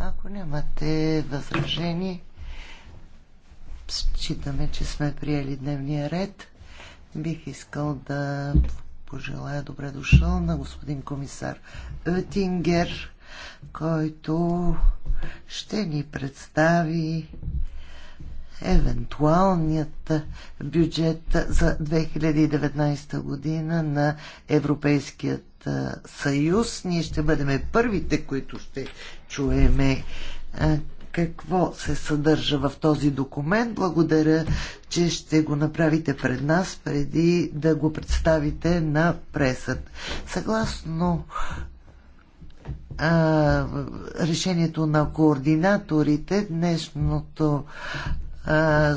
Ако нямате възражение, считаме, че сме приели дневния ред. Бих искал да пожелая добре дошъл на господин комисар Тингер, който ще ни представи евентуалният бюджет за 2019 година на Европейският съюз. Ние ще бъдем първите, които ще чуеме какво се съдържа в този документ. Благодаря, че ще го направите пред нас, преди да го представите на пресът. Съгласно а, решението на координаторите, днешното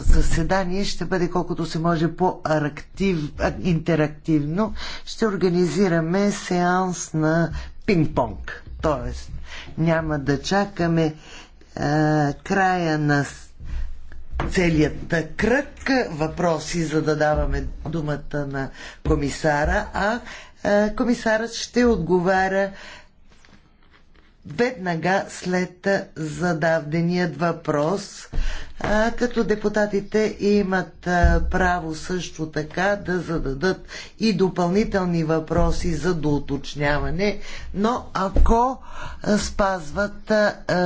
заседание ще бъде колкото се може по-интерактивно. Ще организираме сеанс на пинг-понг. Тоест, няма да чакаме а, края на целият кръг въпроси, за да даваме думата на комисара, а комисарът ще отговаря веднага след задавденият въпрос, като депутатите имат право също така да зададат и допълнителни въпроси за доуточняване, но ако спазват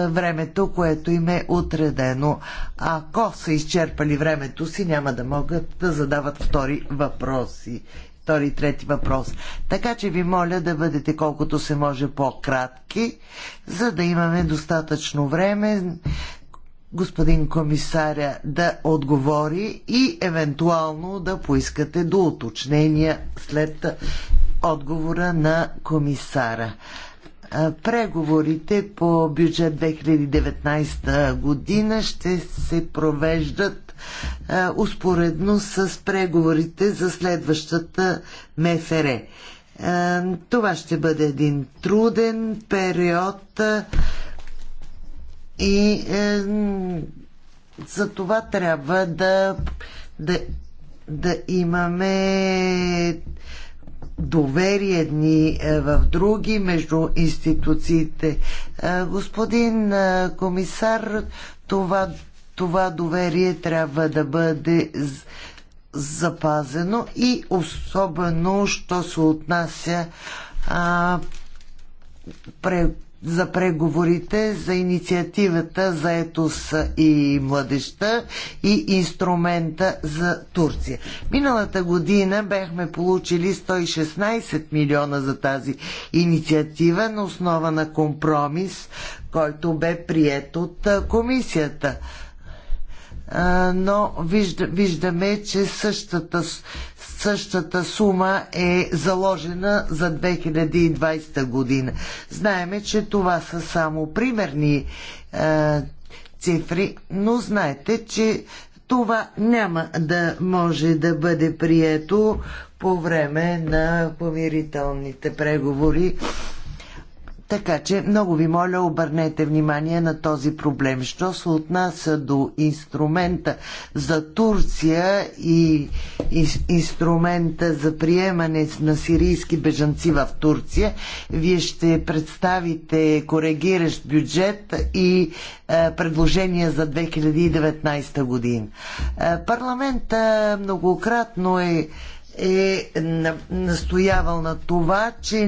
времето, което им е отредено. Ако са изчерпали времето си, няма да могат да задават втори въпроси втори и трети въпрос. Така че ви моля да бъдете колкото се може по-кратки, за да имаме достатъчно време господин комисаря да отговори и евентуално да поискате до уточнения след отговора на комисара. Преговорите по бюджет 2019 година ще се провеждат успоредно с преговорите за следващата МФР. Това ще бъде един труден период и е, за това трябва да, да, да имаме доверие едни е, в други между институциите. Е, господин е, комисар, това, това доверие трябва да бъде запазено и особено, що се отнася а, пре, за преговорите за инициативата за етос и младеща и инструмента за Турция. Миналата година бяхме получили 116 милиона за тази инициатива на основа на компромис, който бе прият от комисията но виждаме, че същата, същата сума е заложена за 2020 година. Знаеме, че това са само примерни е, цифри, но знаете, че това няма да може да бъде прието по време на помирителните преговори така че много ви моля, обърнете внимание на този проблем. Що се отнася до инструмента за Турция и инструмента за приемане на сирийски бежанци в Турция, вие ще представите коригиращ бюджет и е, предложения за 2019 година. Е, парламента многократно е е настоявал на това, че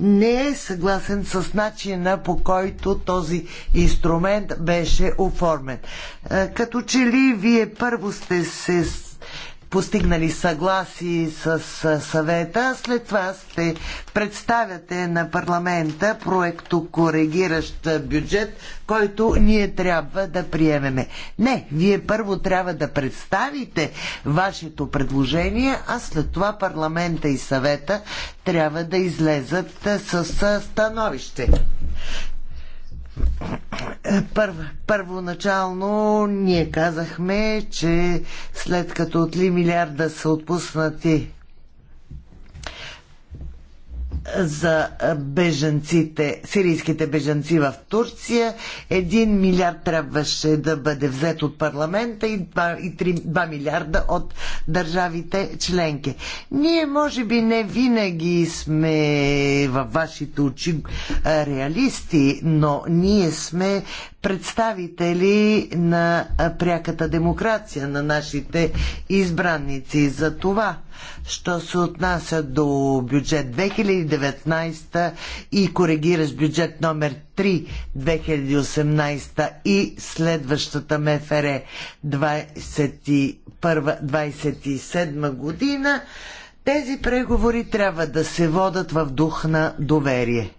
не е съгласен с начина по който този инструмент беше оформен. Е, като че ли вие първо сте се постигнали съгласи с съвета. След това ще представяте на парламента проекто коригиращ бюджет, който ние трябва да приемеме. Не, вие първо трябва да представите вашето предложение, а след това парламента и съвета трябва да излезат с становище. Първо, първоначално ние казахме, че след като 3 милиарда са отпуснати за бежанците, сирийските бежанци в Турция. Един милиард трябваше да бъде взет от парламента и 2, и 3, 2 милиарда от държавите членки. Ние може би не винаги сме във вашите очи реалисти, но ние сме представители на пряката демокрация на нашите избранници. За това, що се отнася до бюджет 2019 и коригираш бюджет номер 3 2018 и следващата МФР 21-27 година, тези преговори трябва да се водат в дух на доверие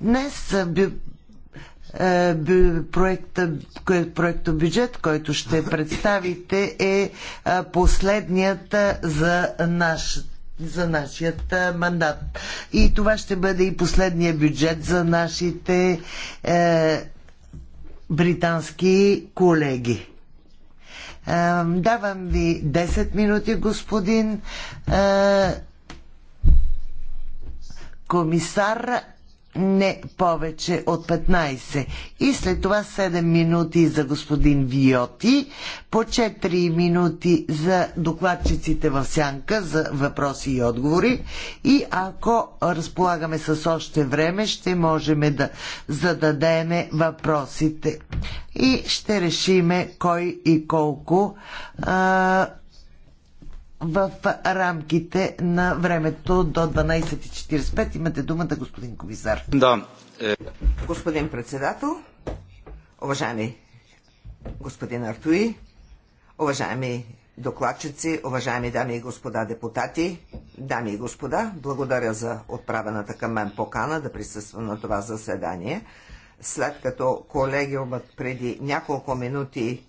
Днес би, би, проекта, проекто бюджет, който ще представите, е последният за наш за нашият мандат. И това ще бъде и последния бюджет за нашите е, британски колеги. Е, давам ви 10 минути, господин е, комисар, не повече от 15. И след това 7 минути за господин Виоти, по 4 минути за докладчиците в сянка за въпроси и отговори. И ако разполагаме с още време, ще можем да зададеме въпросите. И ще решиме кой и колко а, в рамките на времето до 12.45. Имате думата, господин комисар. Да. Е... Господин председател, уважаеми господин Артуи, уважаеми докладчици, уважаеми дами и господа депутати, дами и господа, благодаря за отправената към мен покана да присъствам на това заседание. След като колегиумът преди няколко минути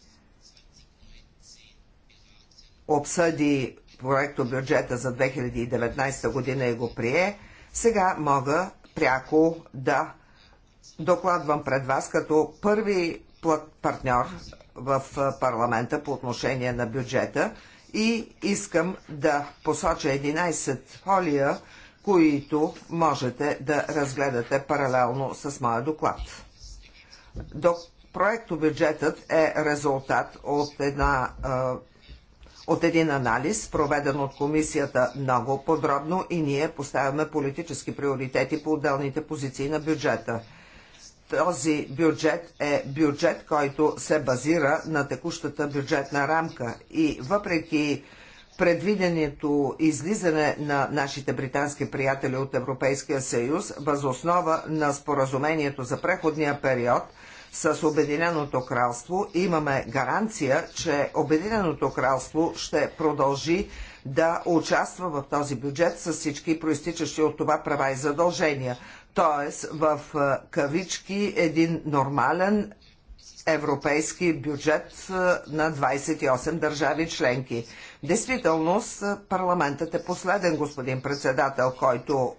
обсъди проекто бюджета за 2019 година и го прие, сега мога пряко да докладвам пред вас като първи партньор в парламента по отношение на бюджета и искам да посоча 11 фолия, които можете да разгледате паралелно с моя доклад. До бюджетът е резултат от една от един анализ, проведен от комисията много подробно и ние поставяме политически приоритети по отделните позиции на бюджета. Този бюджет е бюджет, който се базира на текущата бюджетна рамка и въпреки предвиденото излизане на нашите британски приятели от Европейския съюз, възоснова на споразумението за преходния период – с Обединеното кралство. Имаме гаранция, че Обединеното кралство ще продължи да участва в този бюджет с всички проистичащи от това права и задължения. Тоест, в кавички, един нормален европейски бюджет на 28 държави членки. Действителност, парламентът е последен, господин председател, който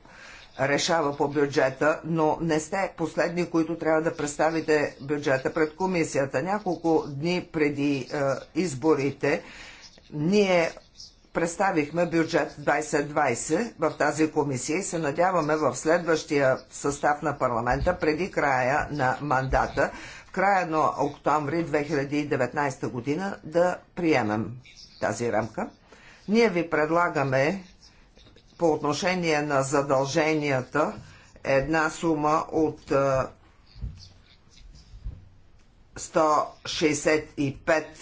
решава по бюджета, но не сте последни, които трябва да представите бюджета пред комисията. Няколко дни преди е, изборите ние представихме бюджет 2020 в тази комисия и се надяваме в следващия състав на парламента преди края на мандата, в края на октомври 2019 година да приемем тази рамка. Ние ви предлагаме по отношение на задълженията една сума от 165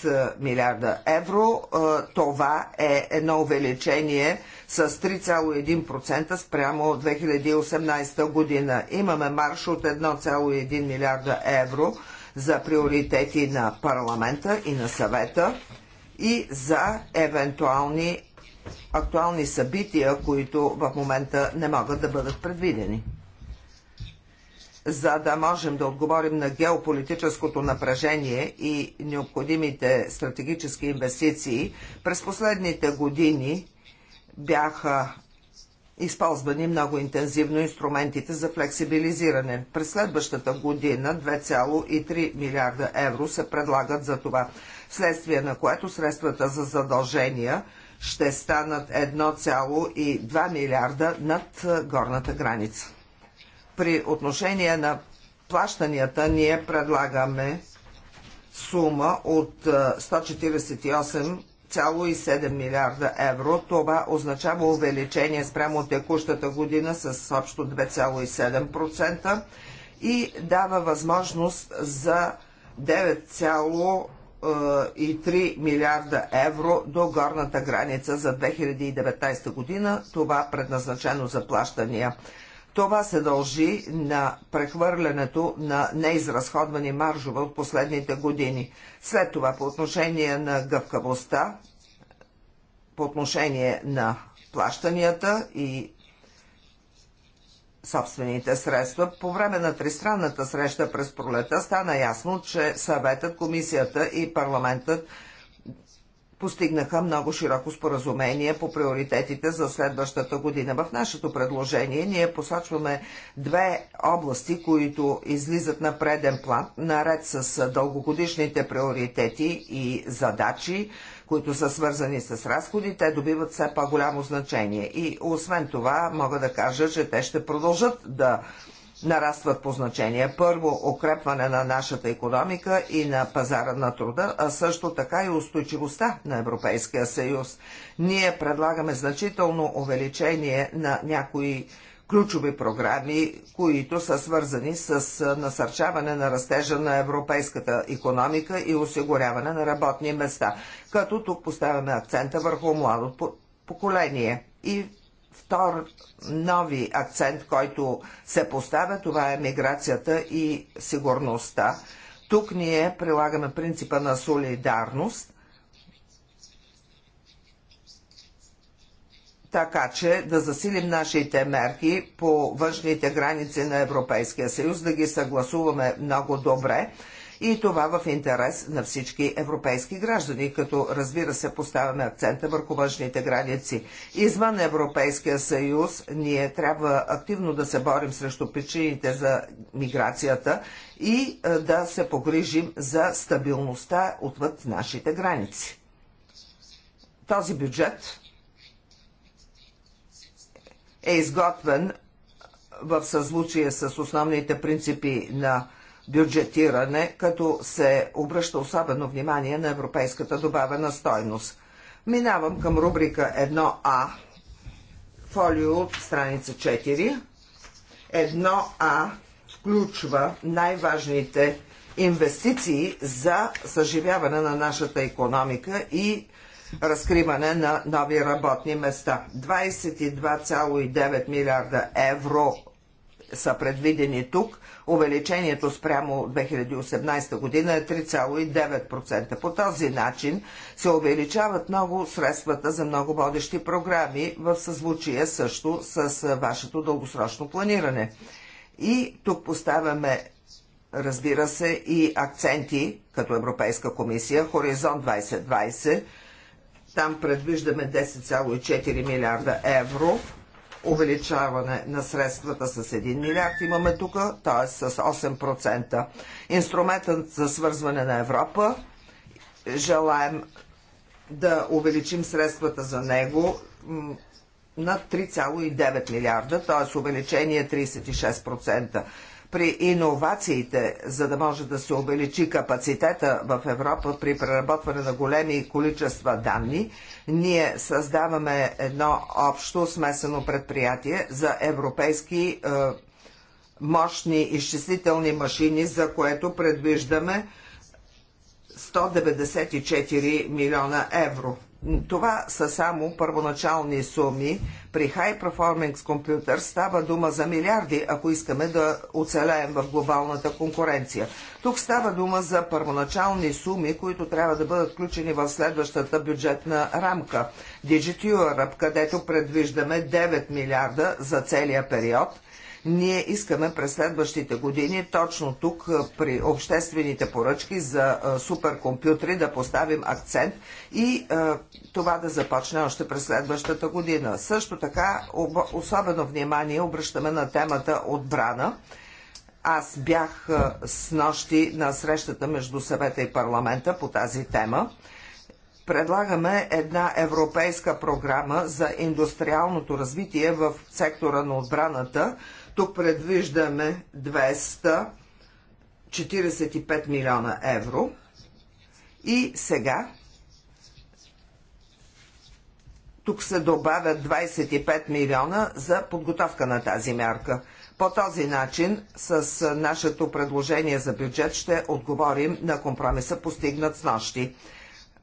е, е, милиарда евро. Е, това е едно увеличение с 3,1% спрямо 2018 година. Имаме марш от 1,1 милиарда евро за приоритети на парламента и на съвета и за евентуални актуални събития, които в момента не могат да бъдат предвидени. За да можем да отговорим на геополитическото напрежение и необходимите стратегически инвестиции, през последните години бяха използвани много интензивно инструментите за флексибилизиране. През следващата година 2,3 милиарда евро се предлагат за това, следствие на което средствата за задължения – ще станат 1,2 милиарда над горната граница. При отношение на плащанията ние предлагаме сума от 148,7 милиарда евро. Това означава увеличение спрямо текущата година с общо 2,7% и дава възможност за 3 милиарда евро до горната граница за 2019 година, това предназначено за плащания. Това се дължи на прехвърлянето на неизразходвани маржове от последните години. След това по отношение на гъвкавостта, по отношение на плащанията и собствените средства. По време на тристранната среща през пролета стана ясно, че съветът, комисията и парламентът постигнаха много широко споразумение по приоритетите за следващата година. В нашето предложение ние посочваме две области, които излизат на преден план, наред с дългогодишните приоритети и задачи – които са свързани с разходи, те добиват все по-голямо значение. И освен това, мога да кажа, че те ще продължат да нарастват по значение. Първо, укрепване на нашата економика и на пазара на труда, а също така и устойчивостта на Европейския съюз. Ние предлагаме значително увеличение на някои ключови програми, които са свързани с насърчаване на растежа на европейската економика и осигуряване на работни места, като тук поставяме акцента върху младото поколение. И втор нови акцент, който се поставя, това е миграцията и сигурността. Тук ние прилагаме принципа на солидарност така че да засилим нашите мерки по външните граници на Европейския съюз, да ги съгласуваме много добре и това в интерес на всички европейски граждани, като разбира се поставяме акцента върху външните граници. Извън Европейския съюз ние трябва активно да се борим срещу причините за миграцията и е, да се погрижим за стабилността отвъд нашите граници. Този бюджет е изготвен в съзвучие с основните принципи на бюджетиране, като се обръща особено внимание на европейската добавена стойност. Минавам към рубрика 1А, фолио, страница 4. 1А включва най-важните инвестиции за съживяване на нашата економика и разкриване на нови работни места. 22,9 милиарда евро са предвидени тук. Увеличението спрямо 2018 година е 3,9%. По този начин се увеличават много средствата за много водещи програми в съзвучие също с вашето дългосрочно планиране. И тук поставяме разбира се и акценти като Европейска комисия, Хоризонт 2020, там предвиждаме 10,4 милиарда евро увеличаване на средствата с 1 милиард имаме тук, т.е. с 8%. Инструментът за свързване на Европа желаем да увеличим средствата за него на 3,9 милиарда, т.е. увеличение 36% при иновациите, за да може да се увеличи капацитета в Европа при преработване на големи количества данни, ние създаваме едно общо смесено предприятие за европейски е, мощни изчислителни машини, за което предвиждаме 194 милиона евро. Това са само първоначални суми. При High Performance Computer става дума за милиарди, ако искаме да оцелеем в глобалната конкуренция. Тук става дума за първоначални суми, които трябва да бъдат включени в следващата бюджетна рамка. Digit Europe, където предвиждаме 9 милиарда за целия период – ние искаме през следващите години точно тук при обществените поръчки за суперкомпютри да поставим акцент и това да започне още през следващата година. Също така особено внимание обръщаме на темата отбрана. Аз бях с нощи на срещата между съвета и парламента по тази тема. Предлагаме една европейска програма за индустриалното развитие в сектора на отбраната тук предвиждаме 245 милиона евро. И сега тук се добавят 25 милиона за подготовка на тази мярка. По този начин, с нашето предложение за бюджет, ще отговорим на компромиса постигнат с нощи.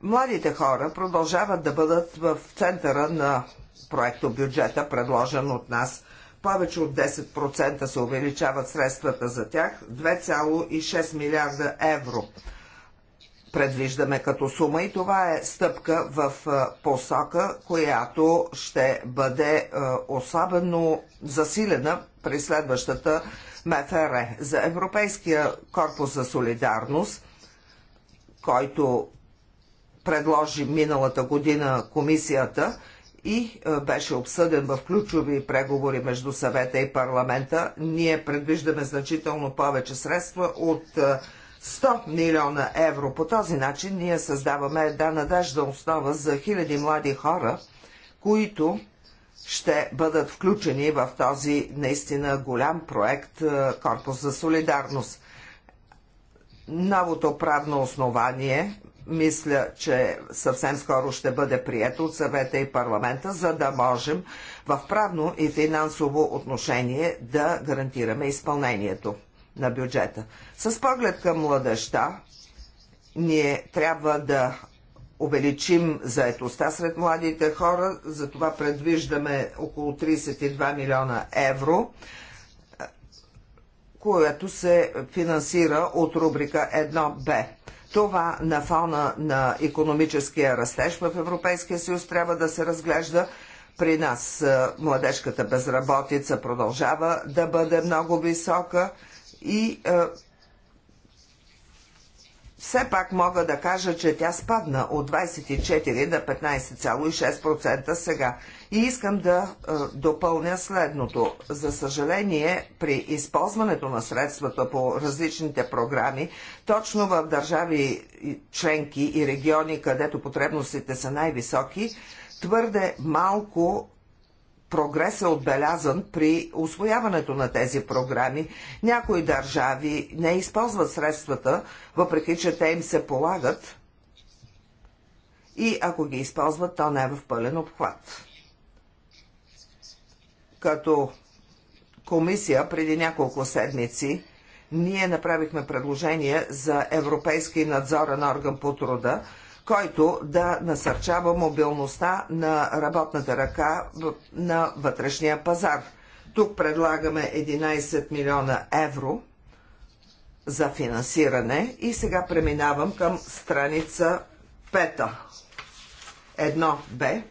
Младите хора продължават да бъдат в центъра на проекто бюджета, предложен от нас – повече от 10% се увеличават средствата за тях, 2,6 милиарда евро предвиждаме като сума и това е стъпка в посока, която ще бъде особено засилена при следващата МФР. За Европейския корпус за солидарност, който предложи миналата година комисията, и е, беше обсъден в ключови преговори между съвета и парламента. Ние предвиждаме значително повече средства от 100 е, милиона евро. По този начин ние създаваме една надежда основа за хиляди млади хора, които ще бъдат включени в този наистина голям проект е, Корпус за солидарност. Новото правно основание мисля, че съвсем скоро ще бъде прието от съвета и парламента, за да можем в правно и финансово отношение да гарантираме изпълнението на бюджета. С поглед към младеща, ние трябва да увеличим заетостта сред младите хора, затова предвиждаме около 32 милиона евро което се финансира от рубрика 1Б. Това на фона на економическия растеж в Европейския съюз трябва да се разглежда. При нас младежката безработица продължава да бъде много висока и е, все пак мога да кажа, че тя спадна от 24 на 15,6% сега. И искам да е, допълня следното. За съжаление, при използването на средствата по различните програми, точно в държави членки и региони, където потребностите са най-високи, твърде малко прогрес е отбелязан при освояването на тези програми. Някои държави не използват средствата, въпреки че те им се полагат и ако ги използват, то не е в пълен обхват като комисия преди няколко седмици ние направихме предложение за Европейски надзорен орган по труда, който да насърчава мобилността на работната ръка на вътрешния пазар. Тук предлагаме 11 милиона евро за финансиране и сега преминавам към страница 5. 1Б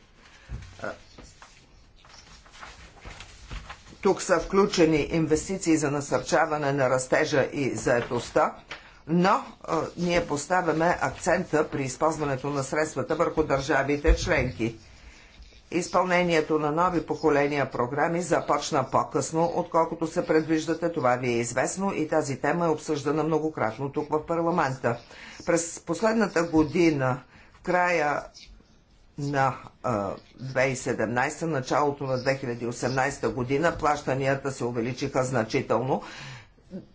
Тук са включени инвестиции за насърчаване на растежа и заедостта, но а, ние поставяме акцента при използването на средствата върху държавите членки. Изпълнението на нови поколения програми започна по-късно, отколкото се предвиждате, това ви е известно и тази тема е обсъждана многократно тук в парламента. През последната година, в края на 2017, началото на 2018 година плащанията се увеличиха значително.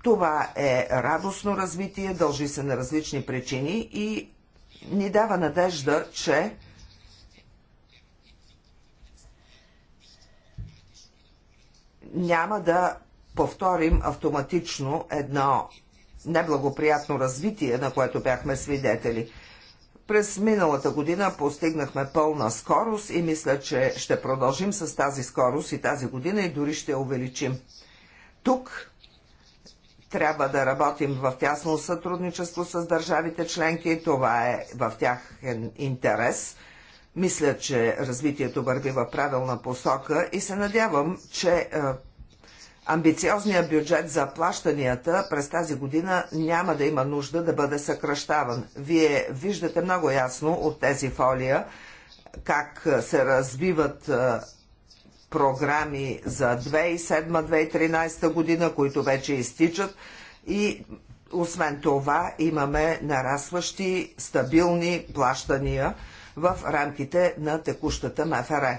Това е радостно развитие, дължи се на различни причини и ни дава надежда, че няма да повторим автоматично едно неблагоприятно развитие, на което бяхме свидетели. През миналата година постигнахме пълна скорост и мисля, че ще продължим с тази скорост и тази година и дори ще увеличим. Тук трябва да работим в тясно сътрудничество с държавите членки. Това е в тях интерес. Мисля, че развитието върви в правилна посока и се надявам, че е, амбициозният бюджет за плащанията през тази година няма да има нужда да бъде съкръщаван. Вие виждате много ясно от тези фолия как се разбиват програми за 2007-2013 година, които вече изтичат и освен това имаме нарастващи стабилни плащания в рамките на текущата МФР.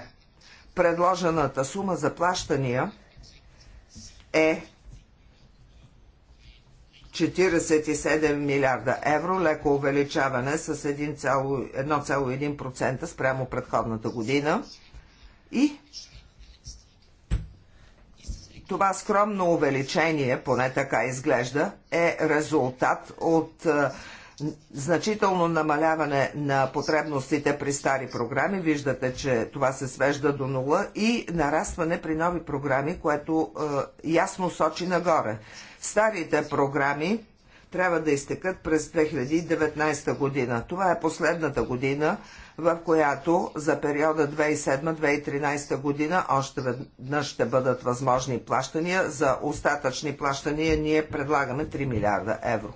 Предложената сума за плащания – е 47 милиарда евро, леко увеличаване с 1,1% спрямо предходната година. И това скромно увеличение, поне така изглежда, е резултат от е, значително намаляване на потребностите при стари програми. Виждате, че това се свежда до нула и нарастване при нови програми, което е, ясно сочи нагоре. Старите програми трябва да изтекат през 2019 година. Това е последната година, в която за периода 2007-2013 година още веднъж ще бъдат възможни плащания. За остатъчни плащания ние предлагаме 3 милиарда евро.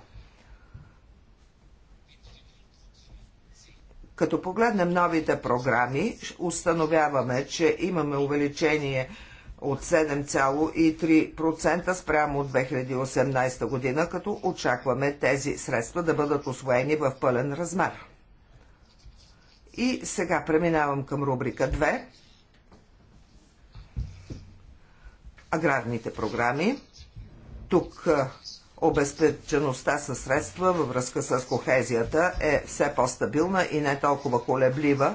Като погледнем новите програми, установяваме, че имаме увеличение от 7,3% спрямо от 2018 година, като очакваме тези средства да бъдат освоени в пълен размер. И сега преминавам към рубрика 2. Аграрните програми. Тук обезпечеността със средства във връзка с кохезията е все по-стабилна и не толкова колеблива.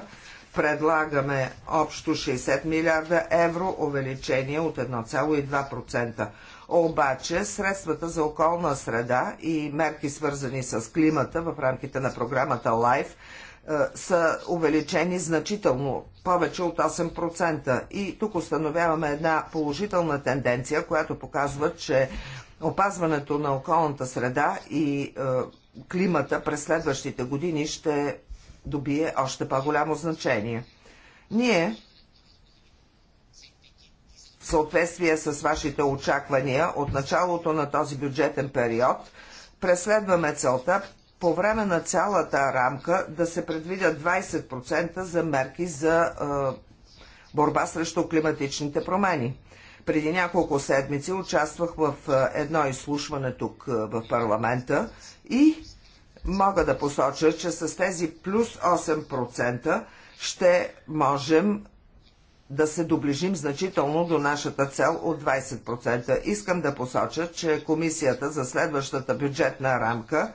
Предлагаме общо 60 милиарда евро увеличение от 1,2%. Обаче средствата за околна среда и мерки свързани с климата в рамките на програмата LIFE е, са увеличени значително, повече от 8%. И тук установяваме една положителна тенденция, която показва, че опазването на околната среда и е, климата през следващите години ще добие още по-голямо значение. Ние, в съответствие с вашите очаквания от началото на този бюджетен период, преследваме целта по време на цялата рамка да се предвидят 20% за мерки за е, борба срещу климатичните промени. Преди няколко седмици участвах в едно изслушване тук в парламента и мога да посоча, че с тези плюс 8% ще можем да се доближим значително до нашата цел от 20%. Искам да посоча, че комисията за следващата бюджетна рамка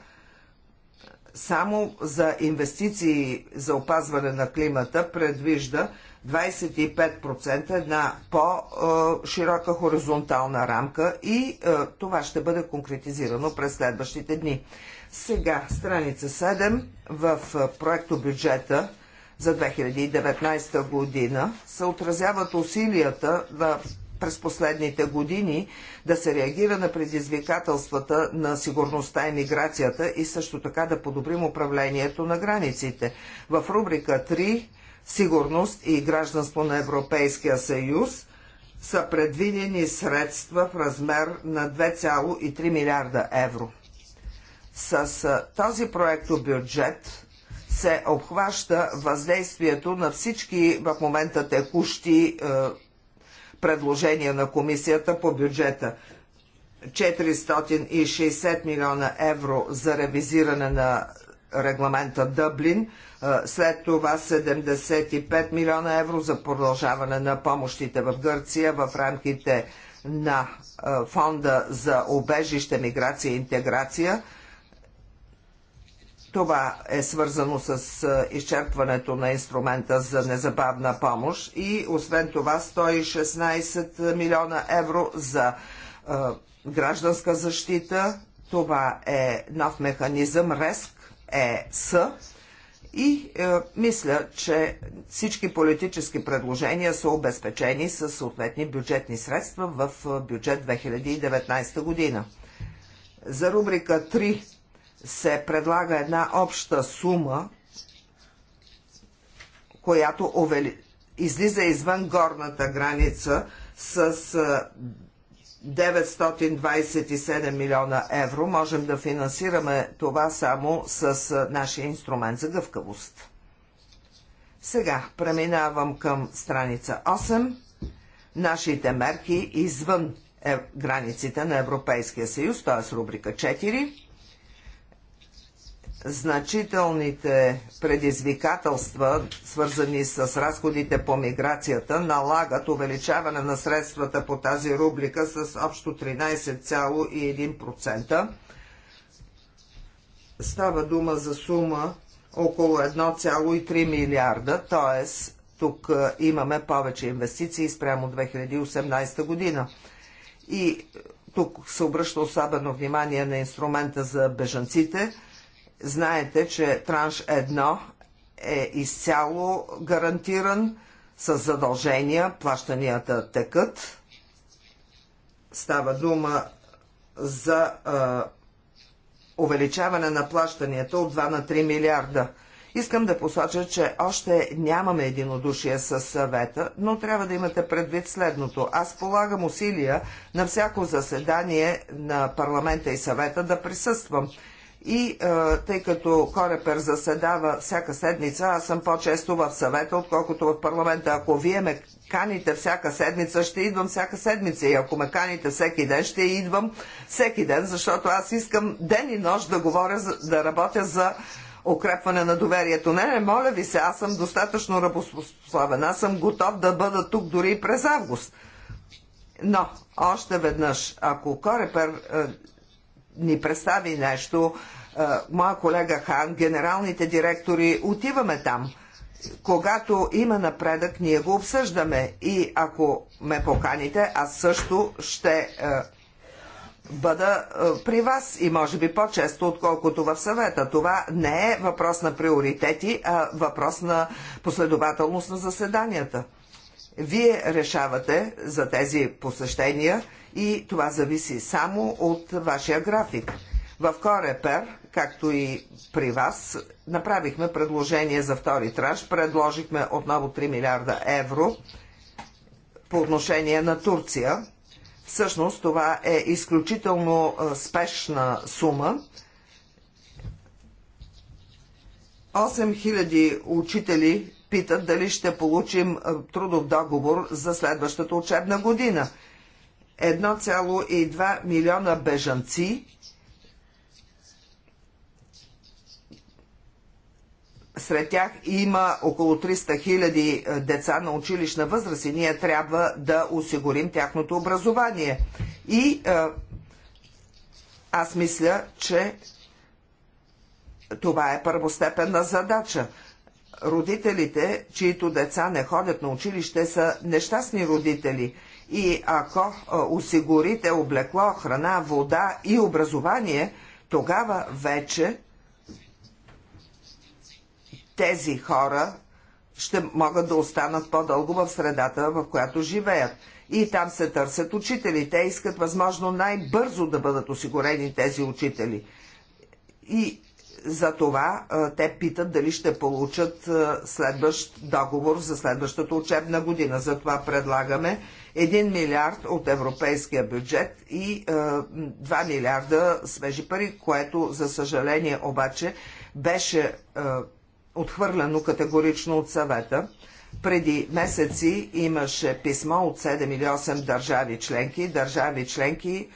само за инвестиции за опазване на климата предвижда 25% една по-широка хоризонтална рамка и е, това ще бъде конкретизирано през следващите дни. Сега, страница 7 в е, проекто бюджета за 2019 година се отразяват усилията на през последните години да се реагира на предизвикателствата на сигурността и миграцията и също така да подобрим управлението на границите. В рубрика 3 сигурност и гражданство на Европейския съюз са предвидени средства в размер на 2,3 милиарда евро. С този проекто бюджет се обхваща въздействието на всички в момента текущи е, предложения на комисията по бюджета. 460 милиона евро за ревизиране на регламента Дъблин, е, след това 75 милиона евро за продължаване на помощите в Гърция в рамките на е, фонда за обежище, миграция и интеграция. Това е свързано с е, изчерпването на инструмента за незабавна помощ и освен това 116 милиона евро за гражданска защита. Това е нов механизъм РЕСК, е С И е, мисля, че всички политически предложения са обезпечени с съответни бюджетни средства в е, бюджет 2019 година. За рубрика 3 се предлага една обща сума, която увели... излиза извън горната граница с е, 927 милиона евро. Можем да финансираме това само с нашия инструмент за гъвкавост. Сега преминавам към страница 8. Нашите мерки извън е, границите на Европейския съюз, т.е. рубрика 4 значителните предизвикателства, свързани с разходите по миграцията, налагат увеличаване на средствата по тази рубрика с общо 13,1%. Става дума за сума около 1,3 милиарда, т.е. тук имаме повече инвестиции спрямо 2018 година. И тук се обръща особено внимание на инструмента за бежанците – Знаете, че транш 1 е изцяло гарантиран с задължения, плащанията текат. Става дума за а, увеличаване на плащанията от 2 на 3 милиарда. Искам да посоча, че още нямаме единодушие с съвета, но трябва да имате предвид следното. Аз полагам усилия на всяко заседание на парламента и съвета да присъствам – и а, е, тъй като Корепер заседава всяка седмица, аз съм по-често в съвета, отколкото в парламента. Ако вие ме каните всяка седмица, ще идвам всяка седмица. И ако ме каните всеки ден, ще идвам всеки ден, защото аз искам ден и нощ да говоря, да работя за укрепване на доверието. Не, не, моля ви се, аз съм достатъчно работоспособен. Аз съм готов да бъда тук дори и през август. Но, още веднъж, ако Корепер е, ни представи нещо, е, моя колега Хан, генералните директори, отиваме там. Когато има напредък, ние го обсъждаме. И ако ме поканите, аз също ще е, бъда е, при вас и може би по-често, отколкото в съвета. Това не е въпрос на приоритети, а въпрос на последователност на заседанията. Вие решавате за тези посещения и това зависи само от вашия график. В Корепер, както и при вас, направихме предложение за втори траж, предложихме отново 3 милиарда евро по отношение на Турция. Всъщност това е изключително спешна сума. 8000 учители питат дали ще получим трудов договор за следващата учебна година – 1,2 милиона бежанци Сред тях има около 300 хиляди е, деца на училищна възраст и ние трябва да осигурим тяхното образование. И а, е, аз мисля, че това е първостепенна задача. Родителите, чието деца не ходят на училище, са нещастни родители – и ако осигурите облекло, храна, вода и образование, тогава вече тези хора ще могат да останат по-дълго в средата, в която живеят. И там се търсят учители. Те искат възможно най-бързо да бъдат осигурени тези учители. И за това те питат дали ще получат следващ договор за следващата учебна година. Затова предлагаме 1 милиард от европейския бюджет и 2 милиарда свежи пари, което за съжаление обаче беше отхвърлено категорично от съвета. Преди месеци имаше писмо от 7 или 8 държави членки. Държави членки,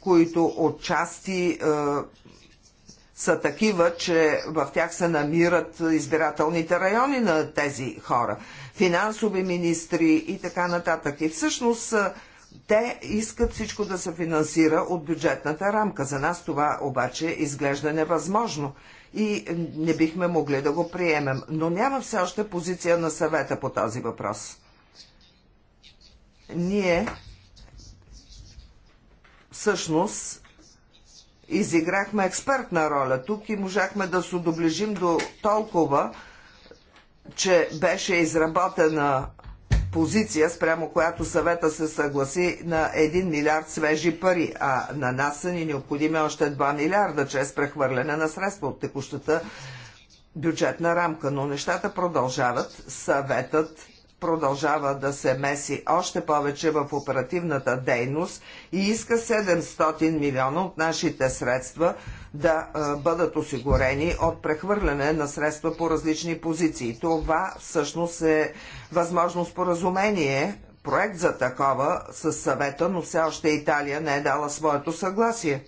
които отчасти е, са такива, че в тях се намират избирателните райони на тези хора, финансови министри и така нататък. И всъщност е, те искат всичко да се финансира от бюджетната рамка. За нас това обаче изглежда невъзможно и не бихме могли да го приемем. Но няма все още позиция на съвета по този въпрос. Ние всъщност изиграхме експертна роля тук и можахме да се доближим до толкова, че беше изработена позиция, спрямо която съвета се съгласи на 1 милиард свежи пари, а на нас са ни необходими още 2 милиарда чрез е прехвърляне на средства от текущата бюджетна рамка. Но нещата продължават. Съветът продължава да се меси още повече в оперативната дейност и иска 700 милиона от нашите средства да е, бъдат осигурени от прехвърляне на средства по различни позиции. Това всъщност е възможно споразумение, проект за такова с съвета, но все още Италия не е дала своето съгласие.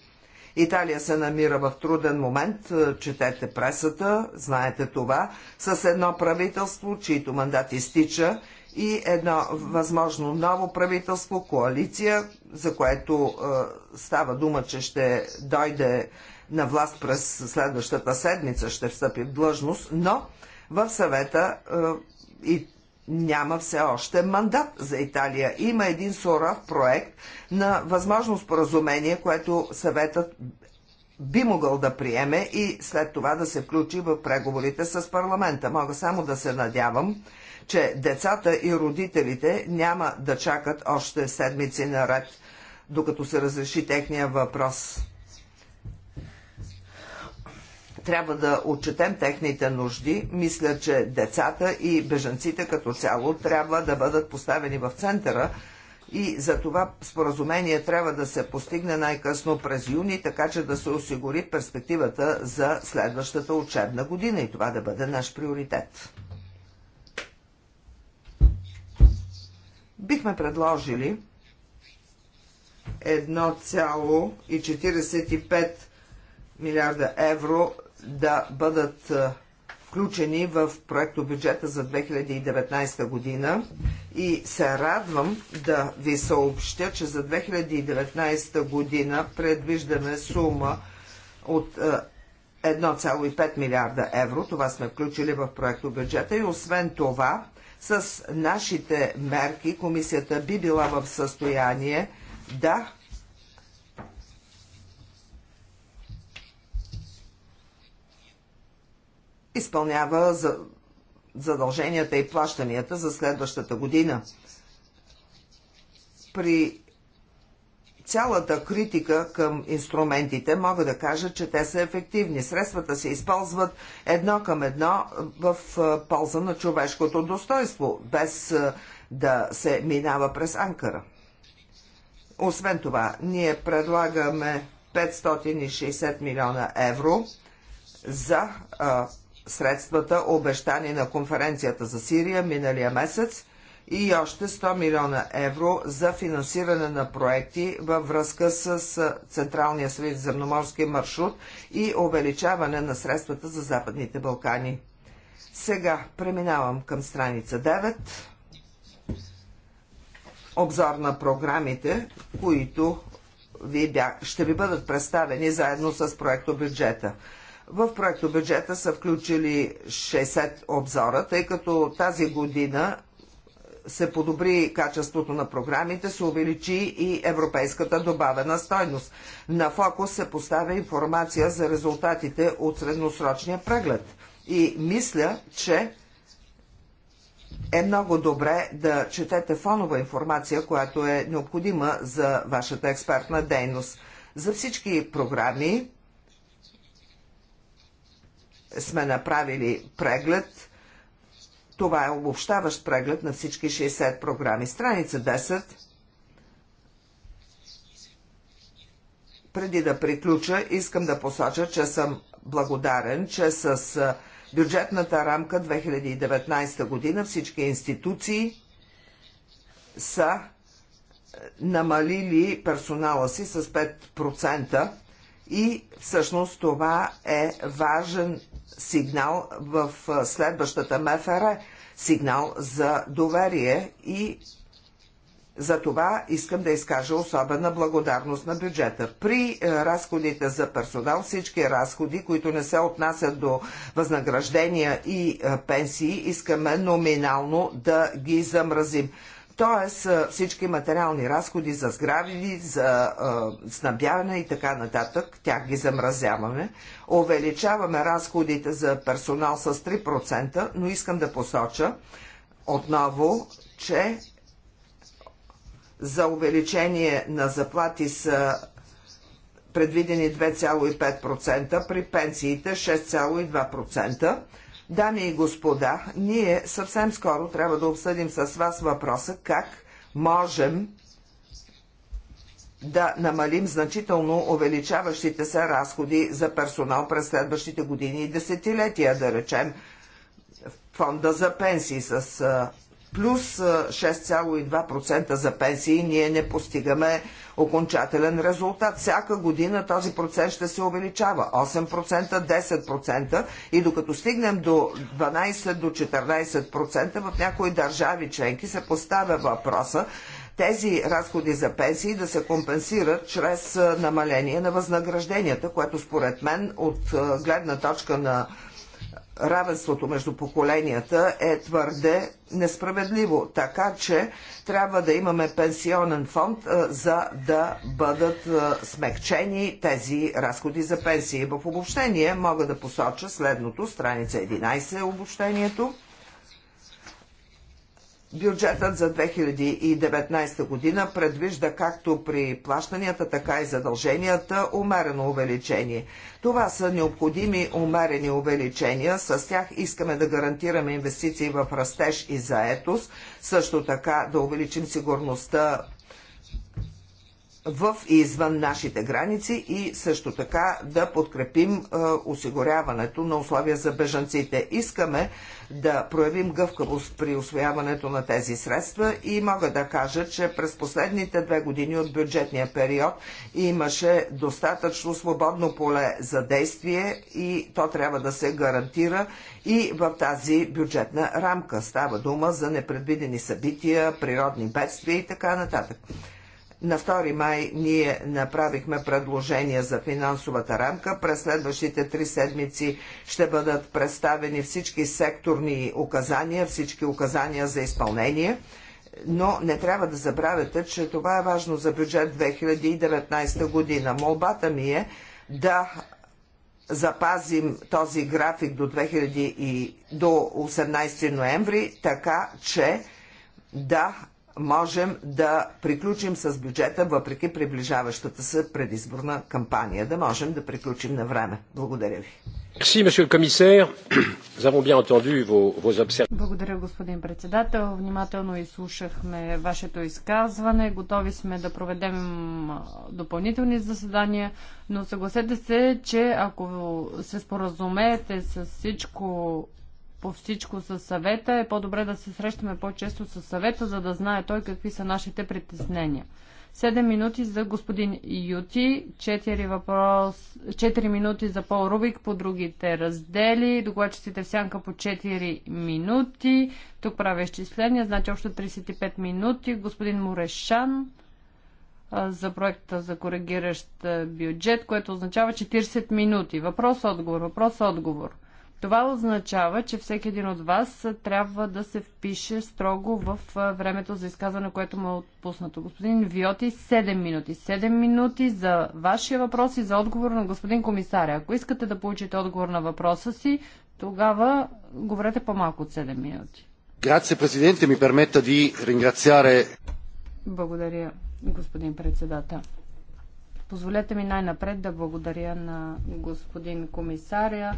Италия се намира в труден момент, е, четете пресата, знаете това, с едно правителство, чието мандат изтича и едно възможно ново правителство, коалиция, за което е, става дума, че ще дойде на власт през следващата седмица, ще встъпи в длъжност, но в съвета е, и няма все още мандат за Италия. Има един сурав проект на възможно споразумение, което съветът би могъл да приеме и след това да се включи в преговорите с парламента. Мога само да се надявам, че децата и родителите няма да чакат още седмици наред, докато се разреши техния въпрос трябва да отчетем техните нужди. Мисля, че децата и бежанците като цяло трябва да бъдат поставени в центъра и за това споразумение трябва да се постигне най-късно през юни, така че да се осигури перспективата за следващата учебна година и това да бъде наш приоритет. Бихме предложили 1,45 милиарда евро да бъдат включени в проекто бюджета за 2019 година и се радвам да ви съобщя, че за 2019 година предвиждаме сума от 1,5 милиарда евро. Това сме включили в проекто бюджета и освен това с нашите мерки комисията би била в състояние да изпълнява за задълженията и плащанията за следващата година. При цялата критика към инструментите мога да кажа, че те са ефективни. Средствата се използват едно към едно в полза на човешкото достоинство, без да се минава през Анкара. Освен това, ние предлагаме 560 милиона евро за а, средствата, обещани на конференцията за Сирия миналия месец и още 100 милиона евро за финансиране на проекти във връзка с Централния земноморски маршрут и увеличаване на средствата за Западните Балкани. Сега преминавам към страница 9. Обзор на програмите, които ви бях, ще ви бъдат представени заедно с проекто бюджета. В проекто бюджета са включили 60 обзора, тъй като тази година се подобри качеството на програмите, се увеличи и европейската добавена стойност. На фокус се поставя информация за резултатите от средносрочния преглед. И мисля, че е много добре да четете фонова информация, която е необходима за вашата експертна дейност. За всички програми сме направили преглед. Това е обобщаващ преглед на всички 60 програми. Страница 10. Преди да приключа, искам да посоча, че съм благодарен, че с бюджетната рамка 2019 година всички институции са намалили персонала си с 5% и всъщност това е важен сигнал в следващата МФР, сигнал за доверие и за това искам да изкажа особена благодарност на бюджета. При разходите за персонал всички разходи, които не се отнасят до възнаграждения и пенсии, искаме номинално да ги замразим. Тоест всички материални разходи за сгради, за снабяване и така нататък, тях ги замразяваме. Увеличаваме разходите за персонал с 3%, но искам да посоча отново, че за увеличение на заплати са предвидени 2,5%, при пенсиите 6,2%. Дами и господа, ние съвсем скоро трябва да обсъдим с вас въпроса как можем да намалим значително увеличаващите се разходи за персонал през следващите години и десетилетия, да речем фонда за пенсии с плюс 6,2% за пенсии, ние не постигаме окончателен резултат. Всяка година този процент ще се увеличава 8%, 10% и докато стигнем до 12 до 14% в някои държави членки се поставя въпроса тези разходи за пенсии да се компенсират чрез намаление на възнагражденията, което според мен от гледна точка на равенството между поколенията е твърде несправедливо. Така че трябва да имаме пенсионен фонд, за да бъдат смекчени тези разходи за пенсии. В обобщение мога да посоча следното, страница 11 е обобщението. Бюджетът за 2019 година предвижда както при плащанията, така и задълженията умерено увеличение. Това са необходими умерени увеличения. С тях искаме да гарантираме инвестиции в растеж и заетост, също така да увеличим сигурността в и извън нашите граници и също така да подкрепим е, осигуряването на условия за бежанците. Искаме да проявим гъвкавост при освояването на тези средства и мога да кажа, че през последните две години от бюджетния период имаше достатъчно свободно поле за действие и то трябва да се гарантира и в тази бюджетна рамка. Става дума за непредвидени събития, природни бедствия и така нататък. На 2 май ние направихме предложение за финансовата рамка. През следващите три седмици ще бъдат представени всички секторни указания, всички указания за изпълнение. Но не трябва да забравяте, че това е важно за бюджет 2019 година. Молбата ми е да запазим този график до, 2000 и, до 18 ноември, така че да можем да приключим с бюджета, въпреки приближаващата се предизборна кампания. Да можем да приключим на време. Благодаря ви. Благодаря, господин председател. Внимателно изслушахме вашето изказване. Готови сме да проведем допълнителни заседания, но съгласете се, че ако се споразумеете с всичко по всичко с съвета. Е по-добре да се срещаме по-често с съвета, за да знае той какви са нашите притеснения. 7 минути за господин Юти, 4, въпрос, 4 минути за Пол Рубик по другите раздели, докладчиците в сянка по 4 минути. Тук правя изчисления, значи общо 35 минути. Господин Морешан за проекта за коригиращ бюджет, което означава 40 минути. Въпрос-отговор, въпрос-отговор. Това означава, че всеки един от вас трябва да се впише строго в времето за изказване, което му е отпуснато. Господин Виоти, 7 минути. 7 минути за вашия въпрос и за отговор на господин комисаря. Ако искате да получите отговор на въпроса си, тогава говорете по-малко от 7 минути. Грация, президенте, ми пермета ви ренграциаре. Благодаря, господин председател. Позволете ми най-напред да благодаря на господин комисаря,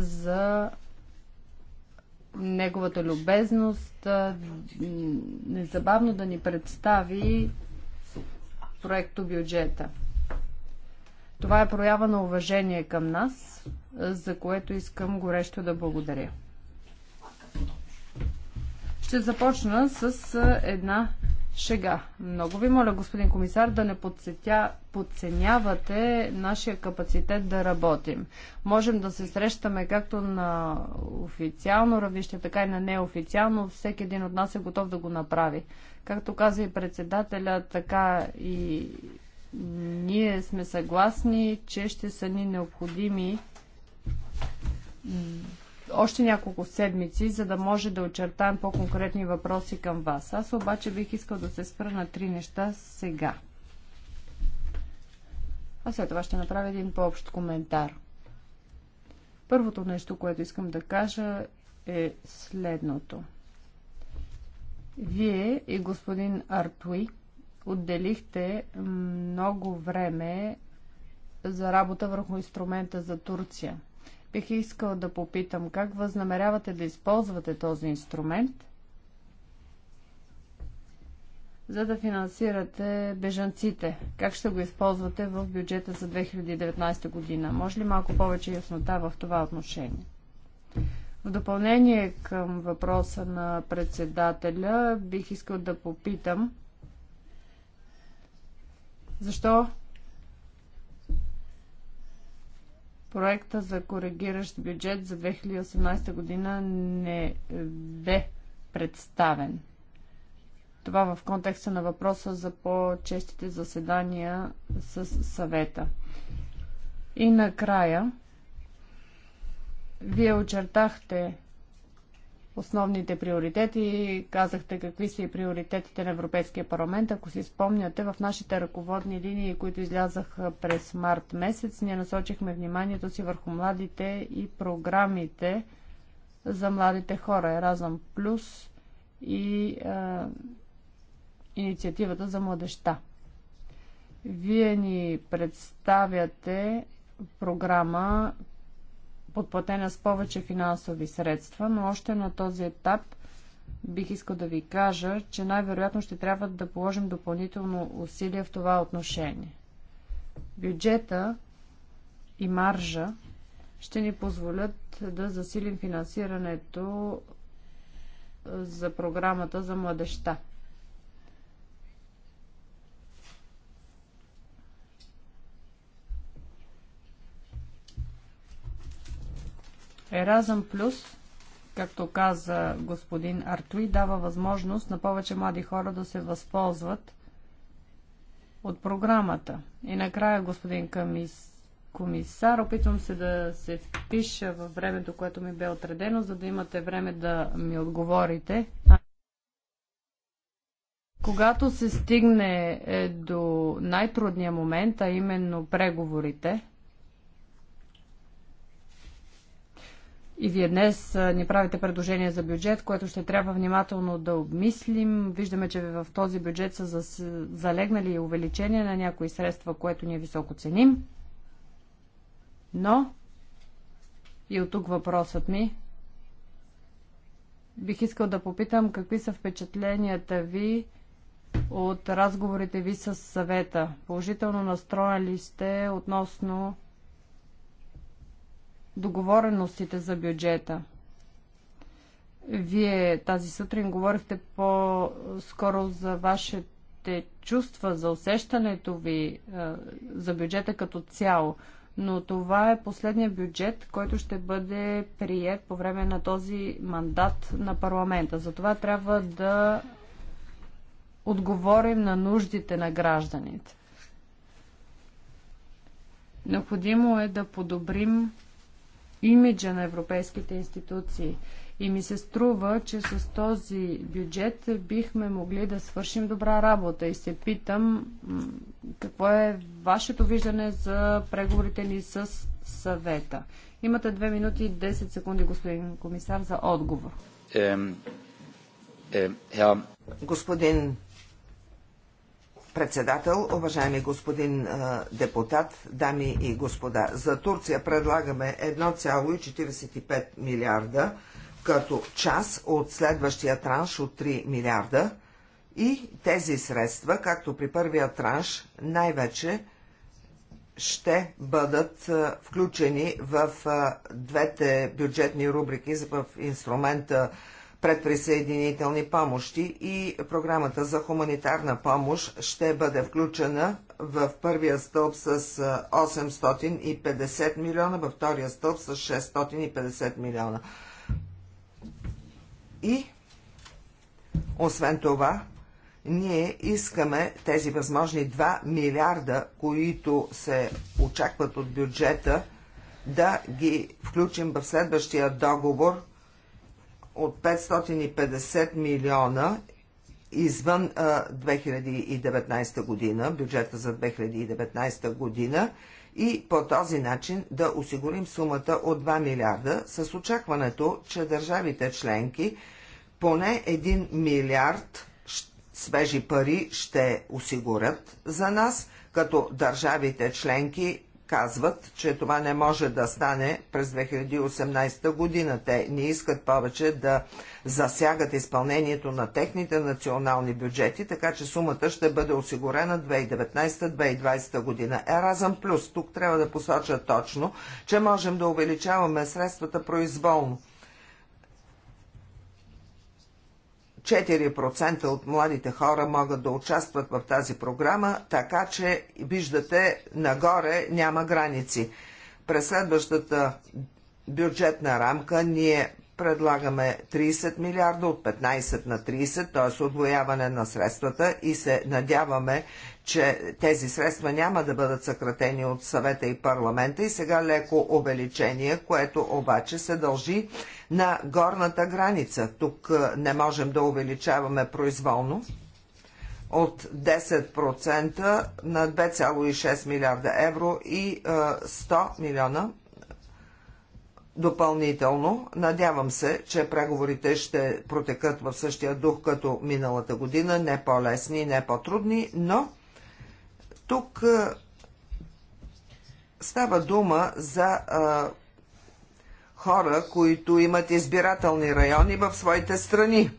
за неговата любезност незабавно да ни представи проекто бюджета. Това е проява на уважение към нас, за което искам горещо да благодаря. Ще започна с една шега. Много ви моля, господин комисар, да не подсетя, подценявате нашия капацитет да работим. Можем да се срещаме както на официално равнище, така и на неофициално. Всеки един от нас е готов да го направи. Както каза и председателя, така и ние сме съгласни, че ще са ни необходими още няколко седмици, за да може да очертаем по-конкретни въпроси към вас. Аз обаче бих искал да се спра на три неща сега. А след това ще направя един по-общ коментар. Първото нещо, което искам да кажа е следното. Вие и господин Артуи отделихте много време за работа върху инструмента за Турция – Бих искал да попитам как възнамерявате да използвате този инструмент, за да финансирате бежанците. Как ще го използвате в бюджета за 2019 година? Може ли малко повече яснота в това отношение? В допълнение към въпроса на председателя, бих искал да попитам защо Проекта за коригиращ бюджет за 2018 година не бе представен. Това в контекста на въпроса за по-честите заседания с съвета. И накрая, вие очертахте основните приоритети. Казахте какви са и приоритетите на Европейския парламент. Ако си спомняте, в нашите ръководни линии, които излязаха през март месец, ние насочихме вниманието си върху младите и програмите за младите хора. Еразъм Плюс и е, инициативата за младеща. Вие ни представяте програма, подплатена с повече финансови средства, но още на този етап бих искал да ви кажа, че най-вероятно ще трябва да положим допълнително усилие в това отношение. Бюджета и маржа ще ни позволят да засилим финансирането за програмата за младеща. Еразъм Плюс, както каза господин Артуи, дава възможност на повече млади хора да се възползват от програмата. И накрая, господин Камис, комисар, опитвам се да се впиша във времето, което ми бе отредено, за да имате време да ми отговорите. Когато се стигне е, до най-трудния момент, а именно преговорите, И вие днес ни правите предложение за бюджет, което ще трябва внимателно да обмислим. Виждаме, че в този бюджет са залегнали увеличение на някои средства, което ние високо ценим. Но, и от тук въпросът ми, бих искал да попитам какви са впечатленията ви от разговорите ви с съвета. Положително настроени ли сте относно договореностите за бюджета. Вие тази сутрин говорихте по-скоро за вашите чувства, за усещането ви е, за бюджета като цяло. Но това е последния бюджет, който ще бъде прият по време на този мандат на парламента. Затова трябва да отговорим на нуждите на гражданите. Необходимо е да подобрим имиджа на европейските институции. И ми се струва, че с този бюджет бихме могли да свършим добра работа. И се питам какво е вашето виждане за преговорите ни с съвета. Имате 2 минути и 10 секунди, господин комисар, за отговор. Господин председател, уважаеми господин депутат, дами и господа. За Турция предлагаме 1,45 милиарда като част от следващия транш от 3 милиарда и тези средства, както при първия транш, най-вече ще бъдат включени в двете бюджетни рубрики в инструмента предприсъединителни помощи и програмата за хуманитарна помощ ще бъде включена в първия стълб с 850 милиона, във втория стълб с 650 милиона. И освен това, ние искаме тези възможни 2 милиарда, които се очакват от бюджета, да ги включим в следващия договор от 550 милиона извън 2019 година, бюджета за 2019 година и по този начин да осигурим сумата от 2 милиарда с очакването, че държавите членки поне 1 милиард свежи пари ще осигурят за нас, като държавите членки казват, че това не може да стане през 2018 година. Те не искат повече да засягат изпълнението на техните национални бюджети, така че сумата ще бъде осигурена 2019-2020 година. Еразъм плюс. Тук трябва да посоча точно, че можем да увеличаваме средствата произволно. 4% от младите хора могат да участват в тази програма, така че, виждате, нагоре няма граници. През следващата бюджетна рамка ние предлагаме 30 милиарда от 15 на 30, т.е. отвояване на средствата и се надяваме, че тези средства няма да бъдат съкратени от съвета и парламента и сега леко увеличение, което обаче се дължи на горната граница. Тук не можем да увеличаваме произволно от 10% на 2,6 милиарда евро и 100 милиона допълнително. Надявам се, че преговорите ще протекат в същия дух като миналата година, не по-лесни, не по-трудни, но тук става дума за а, хора, които имат избирателни райони в своите страни.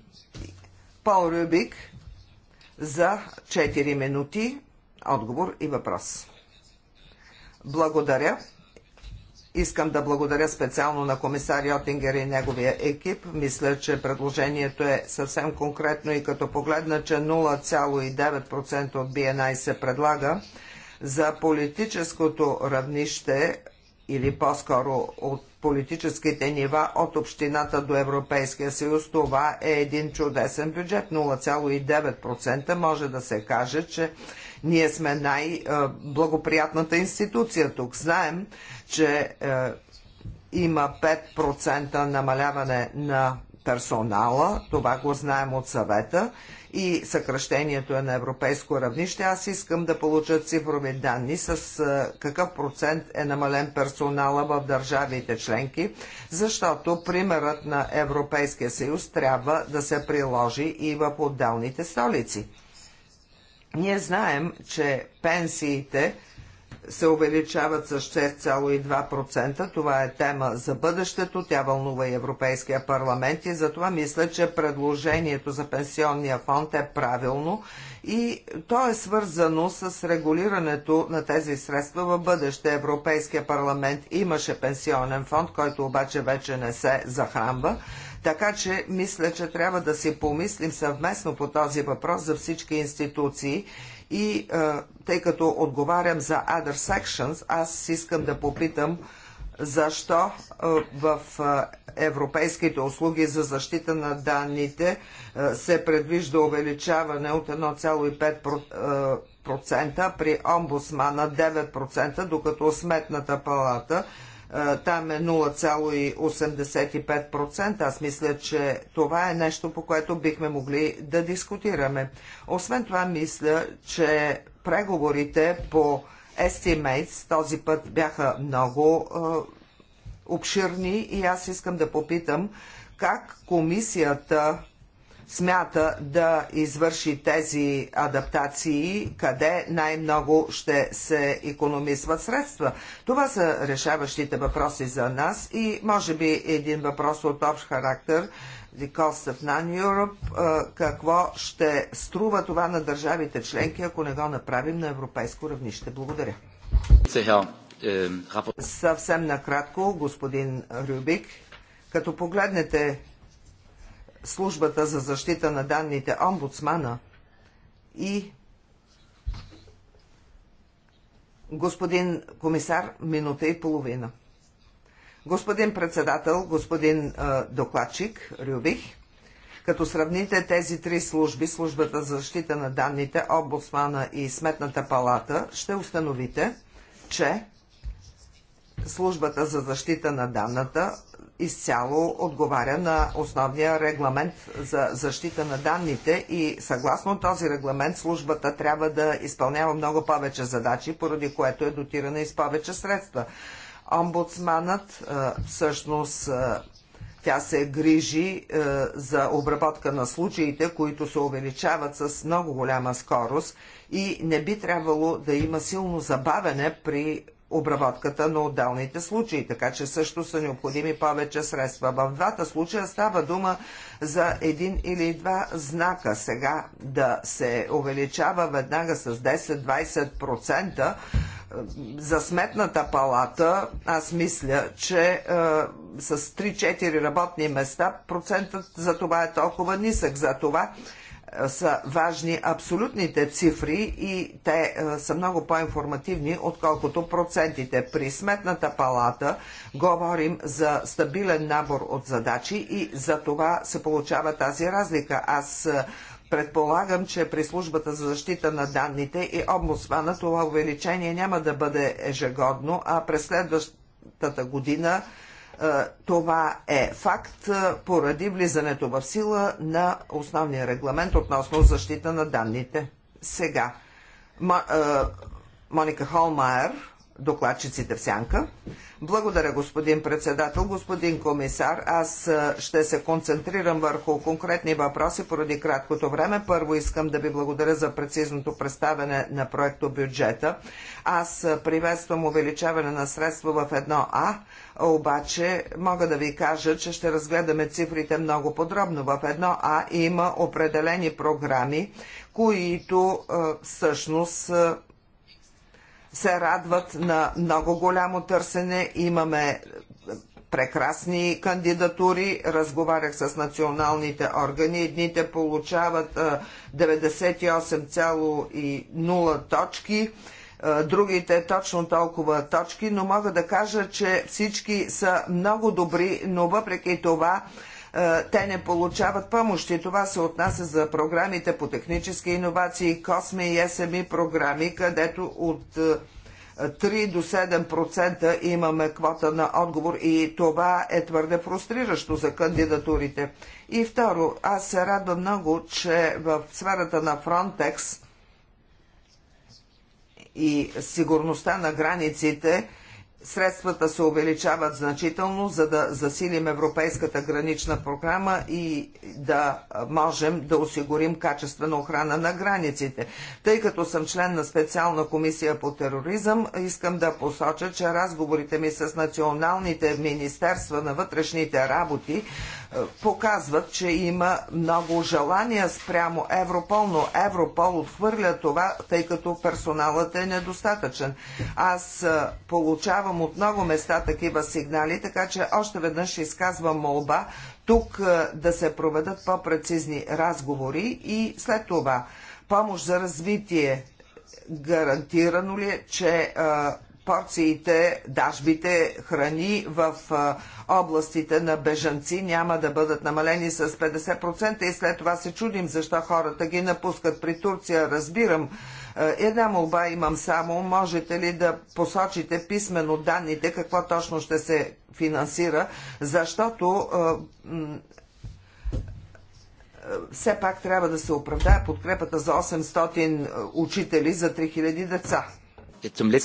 Пол Рюбик за 4 минути. Отговор и въпрос. Благодаря. Искам да благодаря специално на комисар Йотингер и неговия екип. Мисля, че предложението е съвсем конкретно и като погледна, че 0,9% от BNI се предлага за политическото равнище или по-скоро от политическите нива от общината до Европейския съюз, това е един чудесен бюджет. 0,9% може да се каже, че ние сме най-благоприятната институция тук. Знаем, че е, има 5% намаляване на персонала, това го знаем от съвета и съкръщението е на европейско равнище. Аз искам да получа цифрови данни с е, какъв процент е намален персонала в държавите членки, защото примерът на Европейския съюз трябва да се приложи и в отделните столици. Ние знаем, че пенсиите се увеличават с 6,2%. Това е тема за бъдещето. Тя вълнува и Европейския парламент и затова мисля, че предложението за пенсионния фонд е правилно и то е свързано с регулирането на тези средства в бъдеще. Европейския парламент имаше пенсионен фонд, който обаче вече не се захранва. Така че мисля, че трябва да си помислим съвместно по този въпрос за всички институции и е, тъй като отговарям за other sections, аз искам да попитам защо е, в е, европейските услуги за защита на данните се предвижда увеличаване от 1,5% при омбусмана 9%, докато сметната палата там е 0,85%. Аз мисля, че това е нещо, по което бихме могли да дискутираме. Освен това, мисля, че преговорите по Estimates този път бяха много е, обширни и аз искам да попитам как комисията смята да извърши тези адаптации, къде най-много ще се економисват средства. Това са решаващите въпроси за нас и може би един въпрос от общ характер The Cost of Non-Europe, какво ще струва това на държавите членки, ако не го направим на европейско равнище. Благодаря. Е, Съвсем накратко, господин Рюбик, като погледнете службата за защита на данните омбудсмана и господин комисар минута и половина. Господин председател, господин е, докладчик Рюбих, като сравните тези три служби, службата за защита на данните, омбудсмана и сметната палата, ще установите, че службата за защита на данната, изцяло отговаря на основния регламент за защита на данните и съгласно този регламент службата трябва да изпълнява много повече задачи, поради което е дотирана и с повече средства. Омбудсманът е, всъщност е, тя се грижи е, за обработка на случаите, които се увеличават с много голяма скорост и не би трябвало да има силно забавене при обработката на отделните случаи, така че също са необходими повече средства. В двата случая става дума за един или два знака. Сега да се увеличава веднага с 10-20% е, за сметната палата, аз мисля, че е, с 3-4 работни места процентът за това е толкова нисък. За това са важни абсолютните цифри и те е, са много по-информативни, отколкото процентите. При Сметната палата говорим за стабилен набор от задачи и за това се получава тази разлика. Аз е, предполагам, че при службата за защита на данните и омбудсмана това увеличение няма да бъде ежегодно, а през следващата година – е, това е факт е, поради влизането в сила на основния регламент относно защита на данните. Сега, е, Моника Холмайер докладчиците в сянка. Благодаря, господин председател, господин комисар. Аз ще се концентрирам върху конкретни въпроси поради краткото време. Първо искам да ви благодаря за прецизното представяне на проекто бюджета. Аз приветствам увеличаване на средства в едно А, обаче мога да ви кажа, че ще разгледаме цифрите много подробно. В едно А има определени програми, които всъщност се радват на много голямо търсене. Имаме прекрасни кандидатури. Разговарях с националните органи. Едните получават 98,0 точки, другите точно толкова точки, но мога да кажа, че всички са много добри, но въпреки това е, те не получават помощи. Това се отнася за програмите по технически иновации, Косми и СМИ програми, където от 3 е, до 7% имаме квота на отговор и това е твърде фрустриращо за кандидатурите. И второ, аз се радвам много, че в сферата на Фронтекс и сигурността на границите – средствата се увеличават значително, за да засилим европейската гранична програма и да можем да осигурим качествена охрана на границите. Тъй като съм член на специална комисия по тероризъм, искам да посоча, че разговорите ми с националните министерства на вътрешните работи показват, че има много желания спрямо Европол, но Европол отхвърля това, тъй като персоналът е недостатъчен. Аз получавам от много места такива сигнали, така че още веднъж изказвам молба тук да се проведат по-прецизни разговори и след това помощ за развитие гарантирано ли е, че порциите, дажбите храни в областите на бежанци няма да бъдат намалени с 50% и след това се чудим защо хората ги напускат при Турция. Разбирам, Една молба имам само. Можете ли да посочите писменно данните, какво точно ще се финансира, защото все пак трябва да се оправдае подкрепата за 800 учители за 3000 деца. Е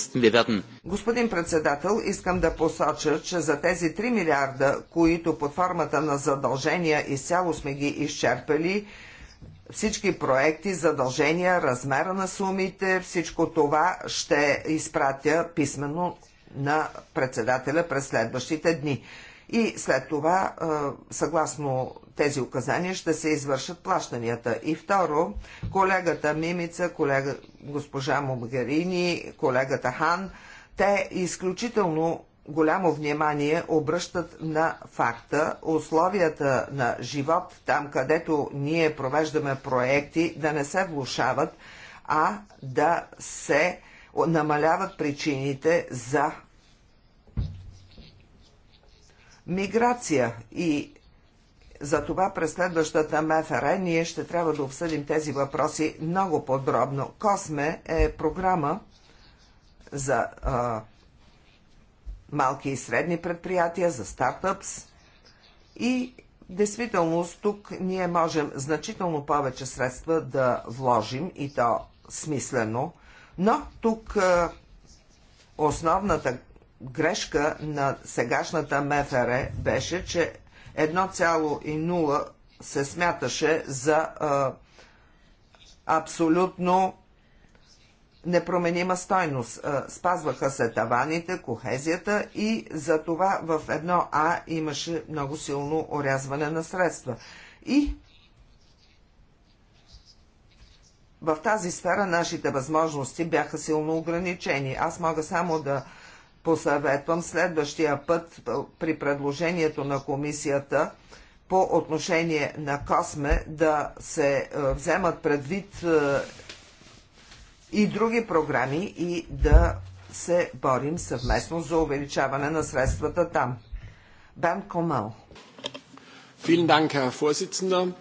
Господин председател, искам да посоча, че за тези 3 милиарда, които под формата на задължения изцяло сме ги изчерпали, всички проекти, задължения, размера на сумите, всичко това ще изпратя писменно на председателя през следващите дни. И след това, съгласно тези указания ще се извършат плащанията. И второ, колегата Мимица, колега, госпожа Мобгарини, колегата Хан, те изключително голямо внимание обръщат на факта условията на живот, там където ние провеждаме проекти, да не се влушават, а да се намаляват причините за миграция и затова през следващата МФР ние ще трябва да обсъдим тези въпроси много подробно. Косме е програма за а, малки и средни предприятия, за стартъпс и действително тук ние можем значително повече средства да вложим и то смислено, но тук а, основната грешка на сегашната МФР беше, че 1,0 се смяташе за а, абсолютно непроменима стойност. Спазваха се таваните, кохезията и за това в едно А имаше много силно орязване на средства. И в тази сфера нашите възможности бяха силно ограничени. Аз мога само да посъветвам следващия път при предложението на комисията по отношение на Косме да се е, вземат предвид е, и други програми и да се борим съвместно за увеличаване на средствата там. Бен Комал. Vielen Dank, Herr Vorsitzender.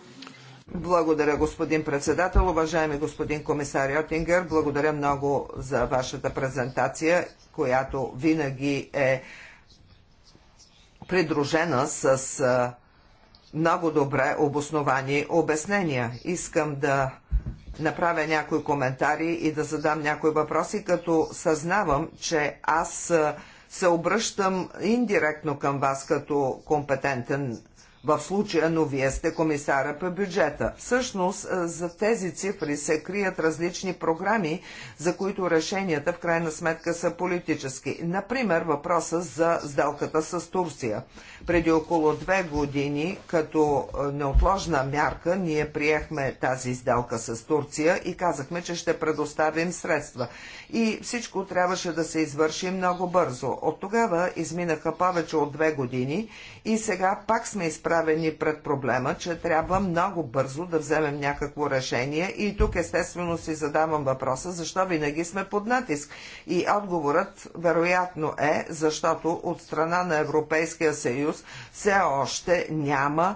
Благодаря, господин председател. Уважаеми господин комисар Йотингер, благодаря много за вашата презентация, която винаги е придружена с много добре обосновани обяснения. Искам да направя някои коментари и да задам някои въпроси, като съзнавам, че аз се обръщам индиректно към вас като компетентен в случая, но вие сте комисара по бюджета. Всъщност, е, за тези цифри се крият различни програми, за които решенията в крайна сметка са политически. Например, въпроса за сделката с Турция. Преди около две години, като е, неотложна мярка, ние приехме тази сделка с Турция и казахме, че ще предоставим средства и всичко трябваше да се извърши много бързо. От тогава изминаха повече от две години и сега пак сме изправени пред проблема, че трябва много бързо да вземем някакво решение и тук естествено си задавам въпроса, защо винаги сме под натиск. И отговорът вероятно е, защото от страна на Европейския съюз все още няма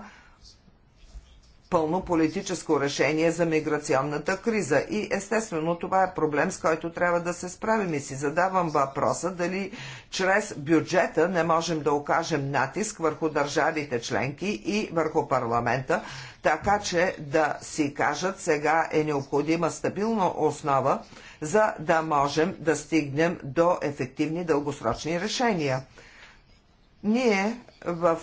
пълно политическо решение за миграционната криза. И естествено това е проблем, с който трябва да се справим. И си задавам въпроса дали чрез бюджета не можем да окажем натиск върху държавите членки и върху парламента, така че да си кажат сега е необходима стабилна основа, за да можем да стигнем до ефективни дългосрочни решения. Ние в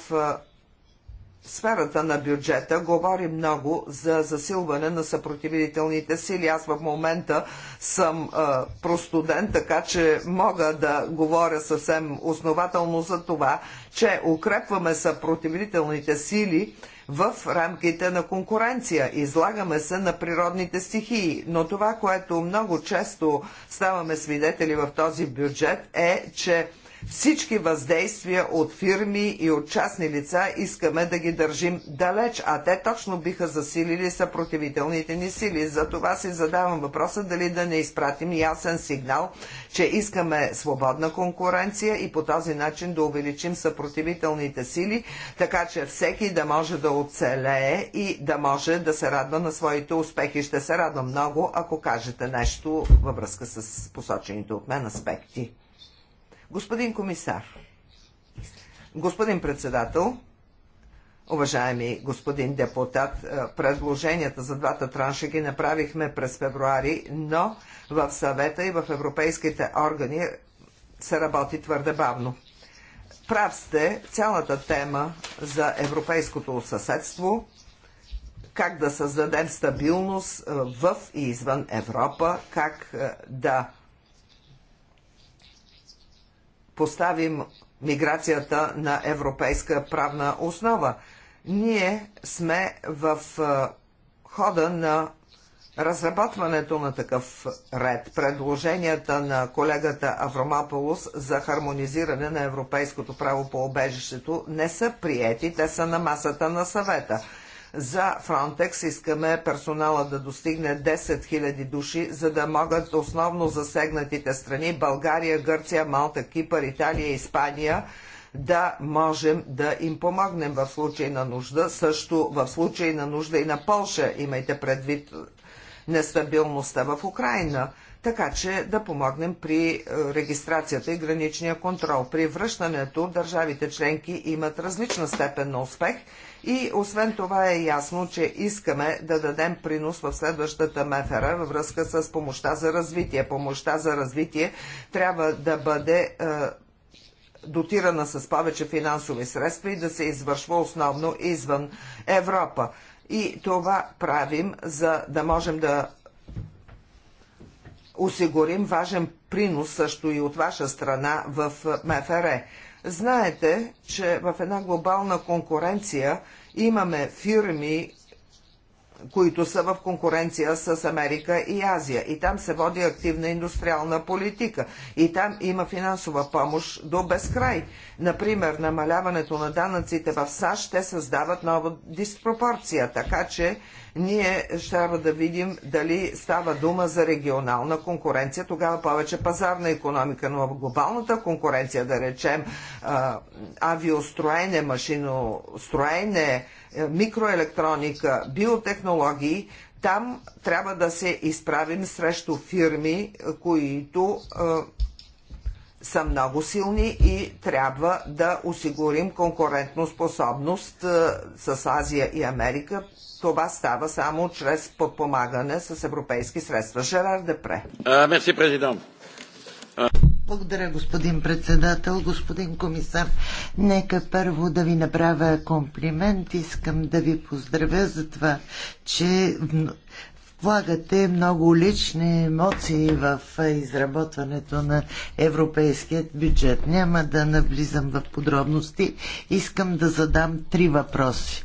сферата на бюджета говори много за засилване на съпротивителните сили. Аз в момента съм а, простуден, така че мога да говоря съвсем основателно за това, че укрепваме съпротивителните сили в рамките на конкуренция. Излагаме се на природните стихии, но това, което много често ставаме свидетели в този бюджет е, че всички въздействия от фирми и от частни лица искаме да ги държим далеч, а те точно биха засилили съпротивителните ни сили. За това си задавам въпроса дали да не изпратим ясен сигнал, че искаме свободна конкуренция и по този начин да увеличим съпротивителните сили, така че всеки да може да оцелее и да може да се радва на своите успехи. Ще се радвам много, ако кажете нещо във връзка с посочените от мен аспекти. Господин комисар, господин председател, Уважаеми господин депутат, е, предложенията за двата транша ги направихме през февруари, но в съвета и в европейските органи се работи твърде бавно. Прав сте, цялата тема за европейското съседство, как да създадем стабилност е, в и извън Европа, как е, да поставим миграцията на европейска правна основа. Ние сме в е, хода на разработването на такъв ред, предложенията на колегата Авромаполос за хармонизиране на европейското право по обежището не са приети, те са на масата на съвета. За Frontex искаме персонала да достигне 10 000 души, за да могат основно засегнатите страни България, Гърция, Малта, Кипър, Италия и Испания да можем да им помогнем в случай на нужда, също в случай на нужда и на Полша, имайте предвид нестабилността в Украина така че да помогнем при е, регистрацията и граничния контрол. При връщането държавите членки имат различна степен на успех и освен това е ясно, че искаме да дадем принос в следващата мефера във връзка с помощта за развитие. Помощта за развитие трябва да бъде е, дотирана с повече финансови средства и да се извършва основно извън Европа. И това правим, за да можем да осигурим важен принос също и от ваша страна в е, МФР. Знаете, че в една глобална конкуренция имаме фирми, които са в конкуренция с Америка и Азия. И там се води активна индустриална политика. И там има финансова помощ до безкрай. Например, намаляването на данъците в САЩ ще създават нова диспропорция. Така че ние ще трябва да видим дали става дума за регионална конкуренция, тогава повече пазарна економика, но в глобалната конкуренция, да речем, авиостроене, машиностроене, е, микроелектроника, биотехнологии, там трябва да се изправим срещу фирми, е, които е, са много силни и трябва да осигурим е, с Азия и Америка. Това става само чрез подпомагане с европейски средства. Жерар Депре. Мерси, президент. Благодаря, господин председател, господин комисар. Нека първо да ви направя комплимент. Искам да ви поздравя за това, че влагате много лични емоции в изработването на европейският бюджет. Няма да навлизам в подробности. Искам да задам три въпроси.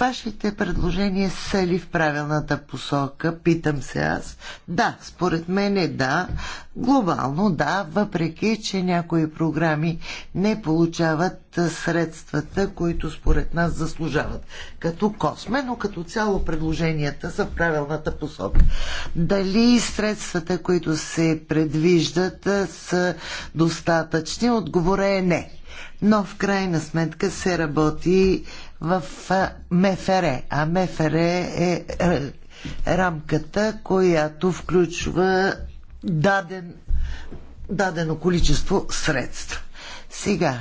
Вашите предложения са ли в правилната посока? Питам се аз. Да, според мен е да. Глобално да, въпреки, че някои програми не получават средствата, които според нас заслужават. Като косме, но като цяло предложенията са в правилната посока. Дали средствата, които се предвиждат, са достатъчни? Отговора е не. Но в крайна сметка се работи в МФР. А МФР е, е, е рамката, която включва даден, дадено количество средства. Сега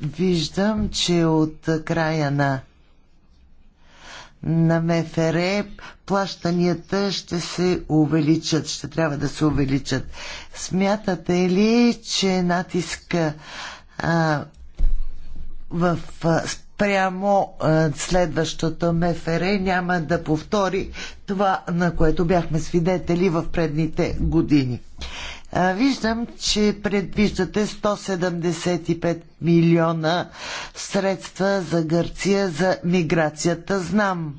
виждам, че от края на на МФР плащанията ще се увеличат, ще трябва да се увеличат. Смятате ли, че натиска а, в а, спрямо е, следващата МФР няма да повтори това, на което бяхме свидетели в предните години. Е, виждам, че предвиждате 175 милиона средства за Гърция за миграцията. Знам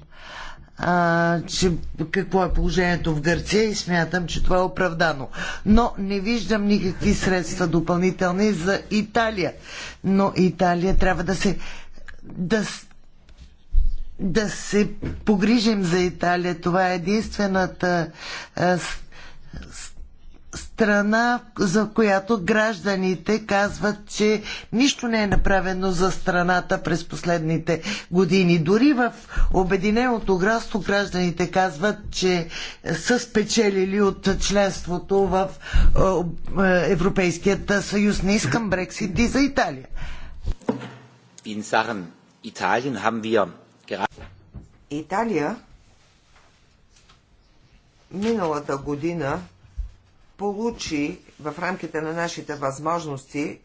а, е, че, какво е положението в Гърция и смятам, че това е оправдано. Но не виждам никакви средства допълнителни за Италия. Но Италия трябва да се да, да се погрижим за Италия. Това е единствената страна, за която гражданите казват, че нищо не е направено за страната през последните години. Дори в Обединеното градство гражданите казват, че са спечелили от членството в Европейският съюз. Не искам Брексит и за Италия. Italien haben wir gerade. Италия миналата година получи в рамките на нашите възможности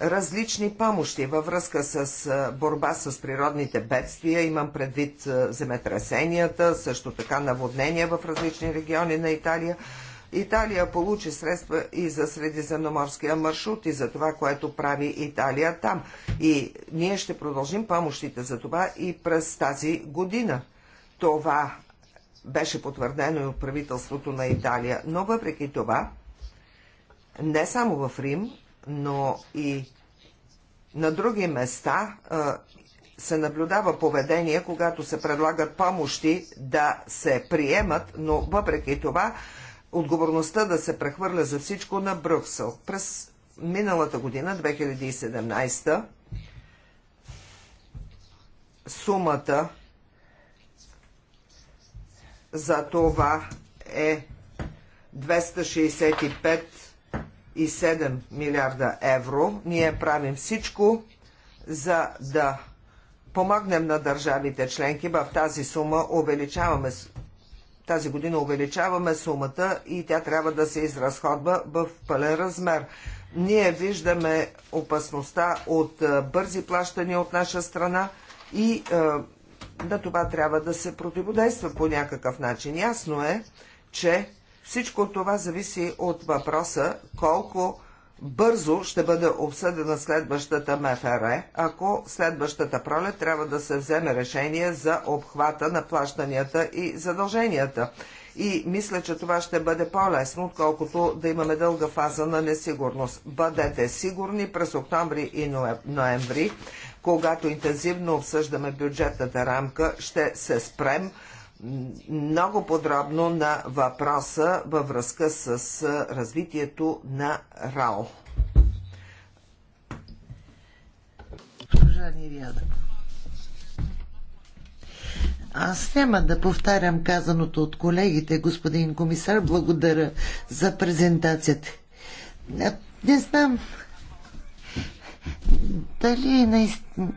различни помощи във връзка с борба с природните бедствия. Имам предвид земетресенията, също така наводнения в различни региони на Италия. Италия получи средства и за средиземноморския маршрут и за това, което прави Италия там. И ние ще продължим помощите за това и през тази година. Това беше потвърдено и от правителството на Италия. Но въпреки това, не само в Рим, но и на други места се наблюдава поведение, когато се предлагат помощи да се приемат, но въпреки това отговорността да се прехвърля за всичко на Брюксел. През миналата година, 2017, сумата за това е 265,7 милиарда евро. Ние правим всичко, за да помогнем на държавите членки. В тази сума увеличаваме тази година увеличаваме сумата и тя трябва да се изразходва в пълен размер. Ние виждаме опасността от е, бързи плащания от наша страна и е, на това трябва да се противодейства по някакъв начин. Ясно е, че всичко това зависи от въпроса колко бързо ще бъде обсъдена следващата МФР, ако следващата пролет трябва да се вземе решение за обхвата на плащанията и задълженията. И мисля, че това ще бъде по-лесно, отколкото да имаме дълга фаза на несигурност. Бъдете сигурни през октомври и ноември, когато интензивно обсъждаме бюджетната рамка, ще се спрем много подробно на въпроса във връзка с развитието на РАО. Аз няма да повтарям казаното от колегите, господин комисар. Благодаря за презентацията. Не знам дали наистина,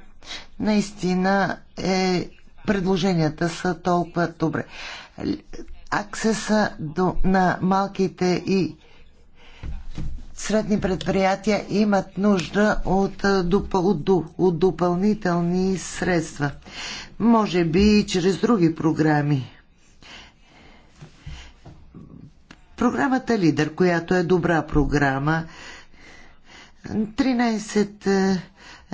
наистина е предложенията са толкова добре. Аксеса до, на малките и средни предприятия имат нужда от, от, от, допълнителни средства. Може би и чрез други програми. Програмата Лидер, която е добра програма, 13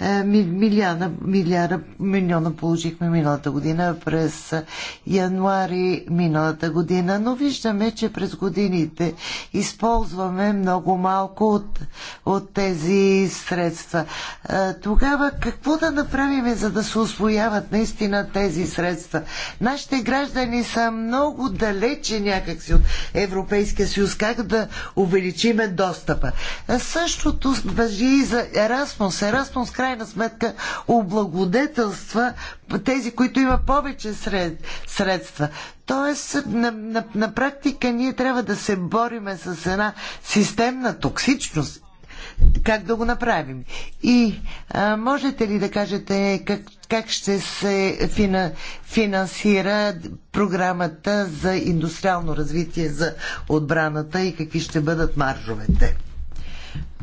е, милиона, милиарда, милиона положихме миналата година през януари миналата година, но виждаме, че през годините използваме много малко от, от тези средства. Е, тогава какво да направим, за да се освояват наистина тези средства? Нашите граждани са много далече някакси от Европейския съюз. Как да увеличиме достъпа? Е, същото въжи и за Ерасмус. Ерасмус край крайна сметка облагодетелства тези, които има повече сред, средства. Тоест, на, на, на практика ние трябва да се бориме с една системна токсичност. Как да го направим? И а, можете ли да кажете как, как ще се фина, финансира програмата за индустриално развитие за отбраната и какви ще бъдат маржовете?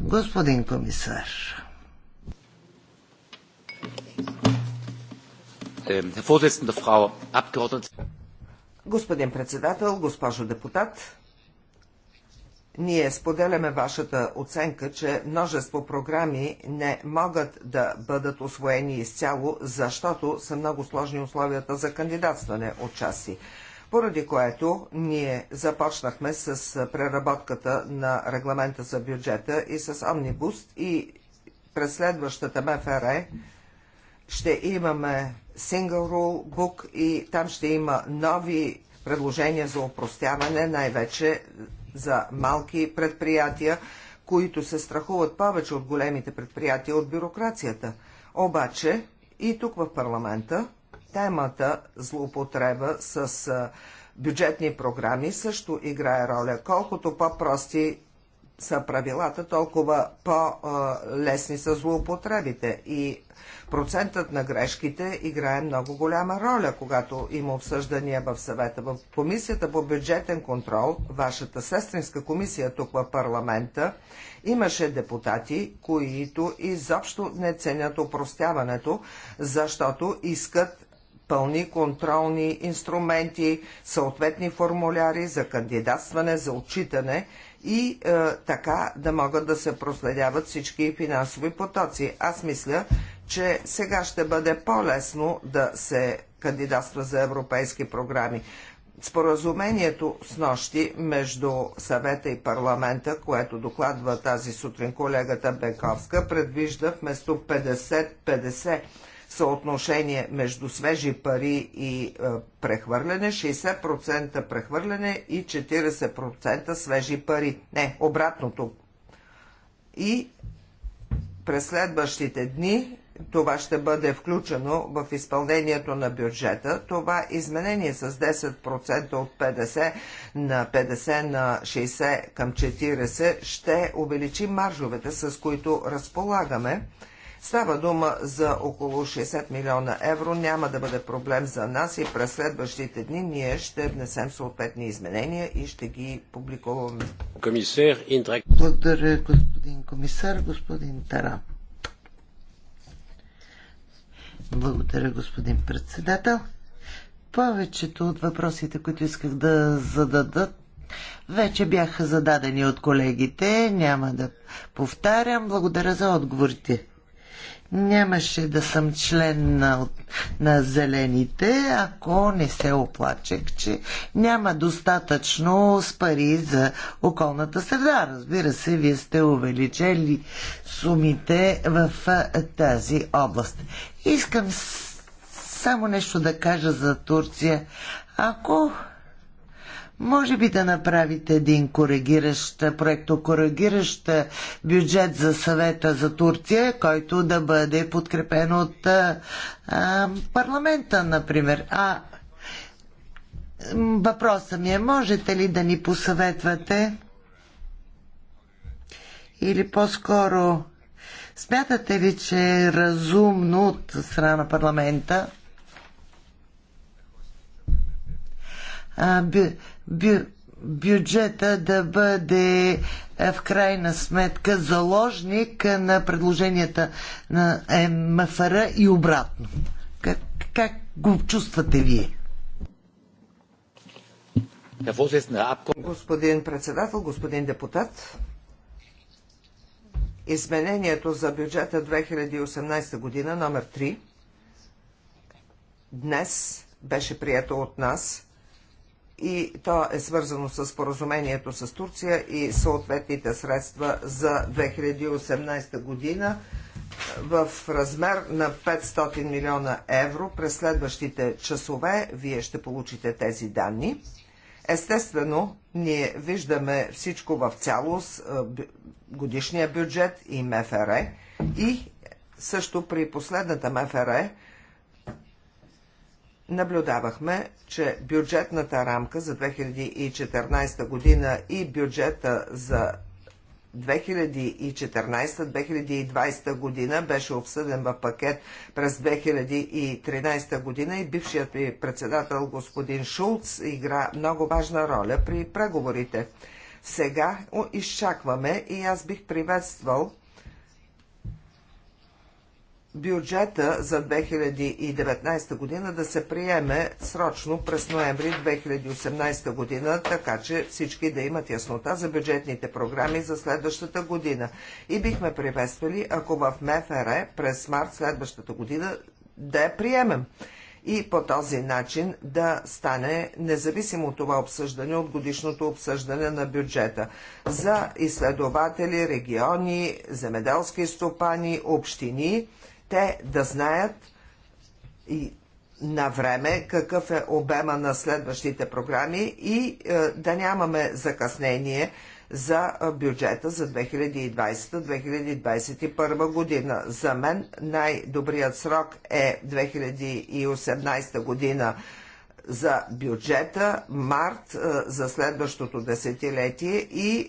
Господин комисар. Ehm, Господин председател, госпожо депутат, ние споделяме вашата оценка, че множество програми не могат да бъдат освоени изцяло, защото са много сложни условията за кандидатстване от части поради което ние започнахме с преработката на регламента за бюджета и с Омнибуст и през следващата МФР ще имаме Single Rule Book и там ще има нови предложения за упростяване, най-вече за малки предприятия, които се страхуват повече от големите предприятия от бюрокрацията. Обаче и тук в парламента темата злоупотреба с бюджетни програми също играе роля. Колкото по-прости са правилата, толкова по-лесни са злоупотребите. И процентът на грешките играе много голяма роля, когато има обсъждания в съвета. В комисията по бюджетен контрол, вашата сестринска комисия тук в парламента, имаше депутати, които изобщо не ценят опростяването, защото искат пълни контролни инструменти, съответни формуляри за кандидатстване, за отчитане и е, така да могат да се проследяват всички финансови потоци. Аз мисля, че сега ще бъде по-лесно да се кандидатства за европейски програми. Споразумението с нощи между съвета и парламента, което докладва тази сутрин колегата Бенковска предвижда вместо 50-50 съотношение между свежи пари и е, прехвърляне, 60% прехвърляне и 40% свежи пари. Не, обратното. И през следващите дни това ще бъде включено в изпълнението на бюджета. Това изменение с 10% от 50 на 50 на 60 към 40 ще увеличи маржовете, с които разполагаме. Става дума за около 60 милиона евро. Няма да бъде проблем за нас и през следващите дни ние ще внесем съответни изменения и ще ги публикуваме. Комисар Интрак. Благодаря, господин комисар, господин Тара. Благодаря, господин председател. Повечето от въпросите, които исках да зададат, вече бяха зададени от колегите. Няма да повтарям. Благодаря за отговорите. Нямаше да съм член на, на зелените, ако не се оплачех, че няма достатъчно с пари за околната среда. Разбира се, вие сте увеличели сумите в тази област. Искам само нещо да кажа за Турция. Ако може би да направите един коригиращ, проекто коригиращ бюджет за съвета за Турция, който да бъде подкрепен от а, парламента, например. А въпросът ми е, можете ли да ни посъветвате или по-скоро смятате ли, че е разумно от страна на парламента бю, бюджета да бъде е, в крайна сметка заложник на предложенията на е, МФР и обратно. Как, как го чувствате вие? Господин председател, господин депутат, изменението за бюджета 2018 година номер 3 днес беше прието от нас – и то е свързано с поразумението с Турция и съответните средства за 2018 година в размер на 500 милиона евро. През следващите часове вие ще получите тези данни. Естествено, ние виждаме всичко в цялост, е, годишния бюджет и МФР и също при последната МФР наблюдавахме, че бюджетната рамка за 2014 година и бюджета за 2014-2020 година беше обсъден в пакет през 2013 година и бившият ви председател господин Шулц игра много важна роля при преговорите. Сега изчакваме и аз бих приветствал бюджета за 2019 година да се приеме срочно през ноември 2018 година, така че всички да имат яснота за бюджетните програми за следващата година. И бихме приветствали, ако в МФР през март следващата година да я приемем и по този начин да стане независимо от това обсъждане, от годишното обсъждане на бюджета за изследователи, региони, земеделски стопани, общини те да знаят и на време какъв е обема на следващите програми и е, да нямаме закъснение за е, бюджета за 2020-2021 година. За мен най-добрият срок е 2018 година за бюджета, март е, за следващото десетилетие и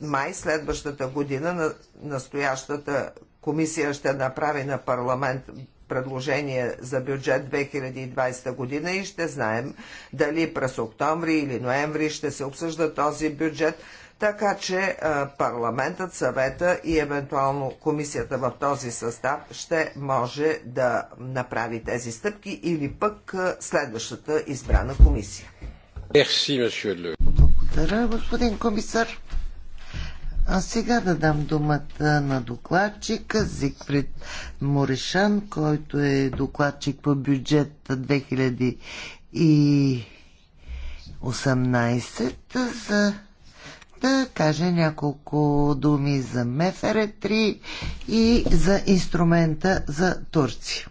май следващата година на настоящата комисия ще направи на парламент предложение за бюджет 2020 година и ще знаем дали през октомври или ноември ще се обсъжда този бюджет, така че парламентът, съвета и евентуално комисията в този състав ще може да направи тези стъпки или пък следващата избрана комисия. Благодаря, господин комисар. А сега да дам думата на докладчика Зигфрид Морешан, който е докладчик по бюджет 2018 за да каже няколко думи за Мефере 3 и за инструмента за Турция.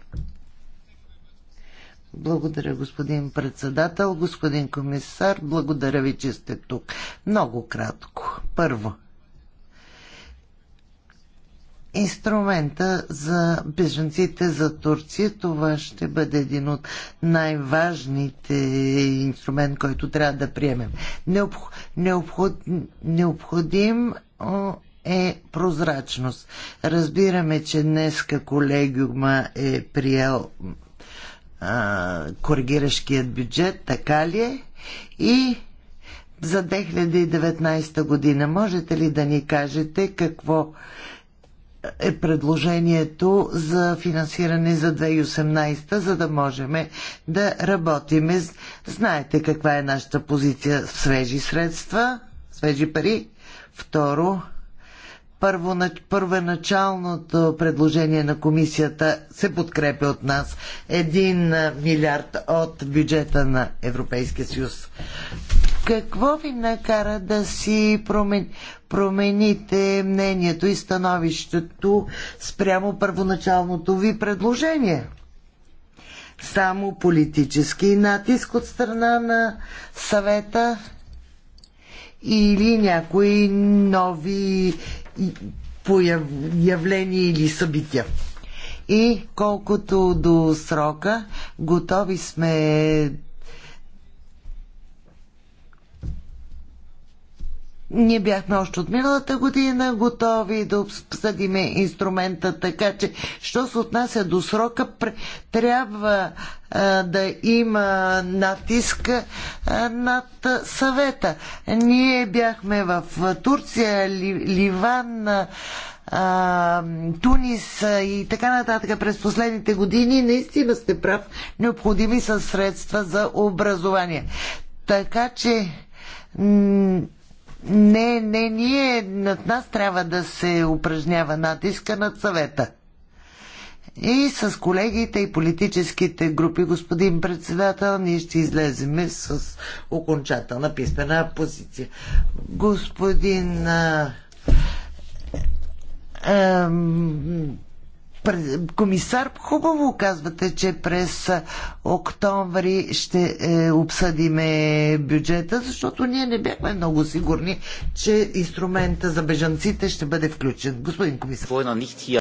Благодаря, господин председател, господин комисар. Благодаря ви, че сте тук. Много кратко. Първо, инструмента за беженците за Турция. Това ще бъде един от най-важните инструмент, който трябва да приемем. Необх... Необход... Необходим е прозрачност. Разбираме, че днеска колегиума е приел коригиращият бюджет, така ли е? И за 2019 година можете ли да ни кажете какво е предложението за финансиране за 2018, за да можем да работиме. Знаете каква е нашата позиция в свежи средства, свежи пари. Второ, първоначалното предложение на комисията се подкрепя от нас един милиард от бюджета на Европейския съюз. Какво ви накара да си промен... промените мнението и становището спрямо първоначалното ви предложение? Само политически натиск от страна на съвета или някои нови явления или събития? И колкото до срока, готови сме Ние бяхме още от миналата година готови да обсъдиме инструмента, така че, що се отнася до срока, трябва а, да има натиск а, над съвета. Ние бяхме в Турция, Ли, Ливан, а, Тунис и така нататък през последните години. Наистина сте прав, необходими са средства за образование. Така че не, не, ние над нас трябва да се упражнява натиска над съвета. И с колегите и политическите групи, господин председател, ние ще излеземе с окончателна писмена позиция. Господин а, а, комисар, хубаво казвате, че през октомври ще е, обсъдиме бюджета, защото ние не бяхме много сигурни, че инструмента за бежанците ще бъде включен. Господин комисар.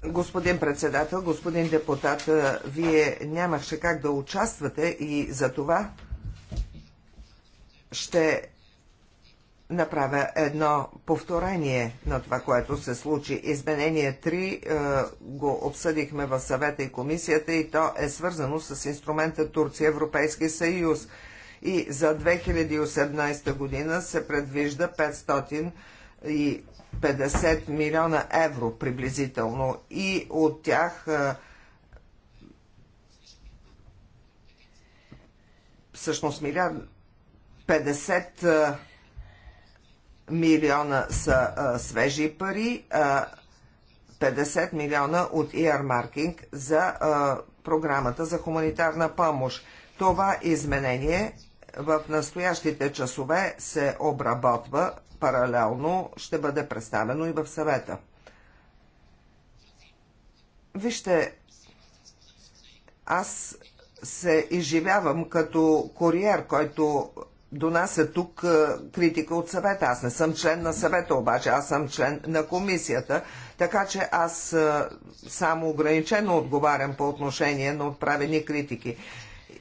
Господин председател, господин депутат, е, вие нямаше как да участвате и за това ще направя едно повторение на това, което се случи. Изменение 3 е, го обсъдихме в съвета и комисията и то е свързано с инструмента Турция Европейски съюз. И за 2018 година се предвижда 550 милиона евро приблизително и от тях е, всъщност милиард 50 милиона са а, свежи пари, а, 50 милиона от иармаркинг за а, програмата за хуманитарна помощ. Това изменение в настоящите часове се обработва паралелно, ще бъде представено и в съвета. Вижте, аз се изживявам като куриер, който донася тук критика от съвета. Аз не съм член на съвета, обаче аз съм член на комисията, така че аз само ограничено отговарям по отношение на отправени критики.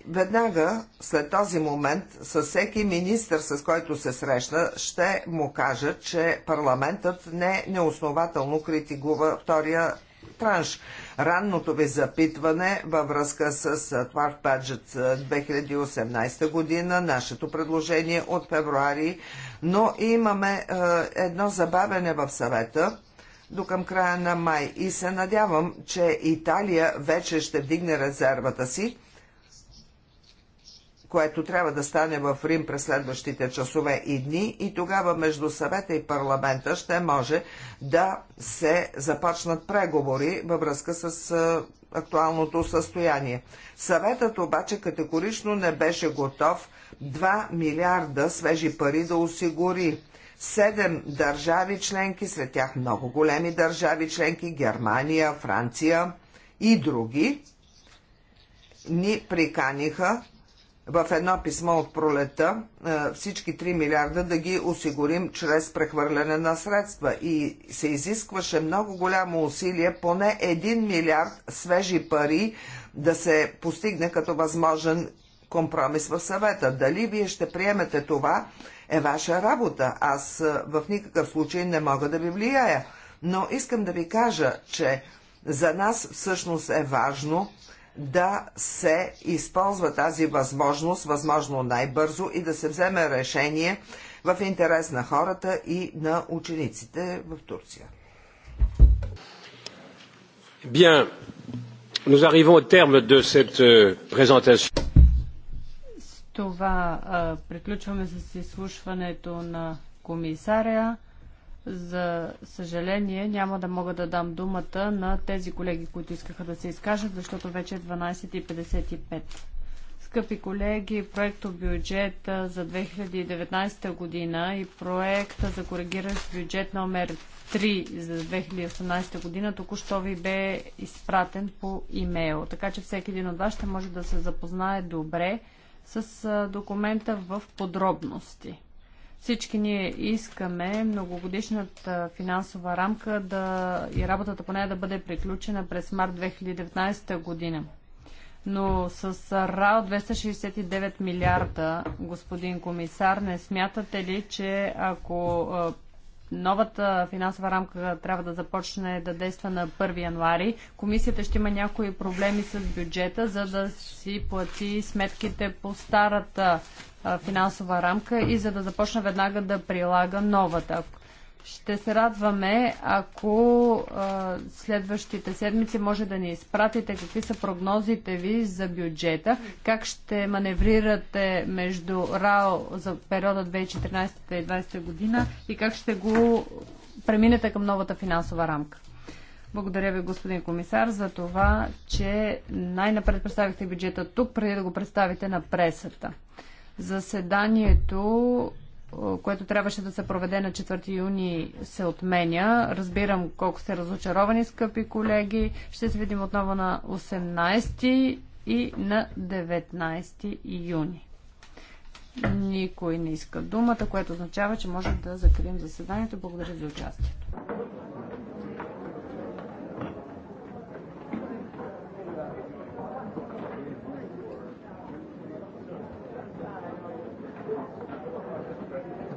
Веднага след този момент с всеки министр, с който се срещна, ще му кажа, че парламентът не неоснователно критикува втория транш ранното ви запитване във връзка с Twart Budget 2018 година, нашето предложение от февруари, но имаме едно забавене в съвета до към края на май и се надявам, че Италия вече ще вдигне резервата си което трябва да стане в Рим през следващите часове и дни и тогава между съвета и парламента ще може да се започнат преговори във връзка с актуалното състояние. Съветът обаче категорично не беше готов 2 милиарда свежи пари да осигури. Седем държави членки, след тях много големи държави членки, Германия, Франция и други, ни приканиха в едно писмо от пролета е, всички 3 милиарда да ги осигурим чрез прехвърляне на средства. И се изискваше много голямо усилие, поне 1 милиард свежи пари да се постигне като възможен компромис в съвета. Дали вие ще приемете това е ваша работа. Аз е, в никакъв случай не мога да ви влияя. Но искам да ви кажа, че за нас всъщност е важно – да се използва тази възможност, възможно най-бързо и да се вземе решение в интерес на хората и на учениците в Турция. Bien, nous arrivons au terme de cette euh, présentation. С това а, приключваме с изслушването на комисаря. За съжаление, няма да мога да дам думата на тези колеги, които искаха да се изкажат, защото вече е 12.55. Скъпи колеги, проекто бюджет за 2019 година и проекта за коригиращ бюджет номер 3 за 2018 година току-що ви бе изпратен по имейл. Така че всеки един от вас ще може да се запознае добре с документа в подробности. Всички ние искаме многогодишната финансова рамка да, и работата по нея да бъде приключена през март 2019 година. Но с РАО 269 милиарда, господин комисар, не смятате ли, че ако новата финансова рамка трябва да започне да действа на 1 януари. Комисията ще има някои проблеми с бюджета, за да си плати сметките по старата финансова рамка и за да започна веднага да прилага новата. Ще се радваме, ако а, следващите седмици може да ни изпратите какви са прогнозите ви за бюджета, как ще маневрирате между РАО за периода 2014-2020 година и как ще го преминете към новата финансова рамка. Благодаря ви, господин комисар, за това, че най-напред представихте бюджета тук, преди да го представите на пресата. Заседанието, е, което трябваше да се проведе на 4 юни, се отменя. Разбирам колко сте разочаровани, скъпи колеги. Ще се видим отново на 18 и на 19 юни. Никой не иска думата, което означава, че може да закрием заседанието. Благодаря за участието.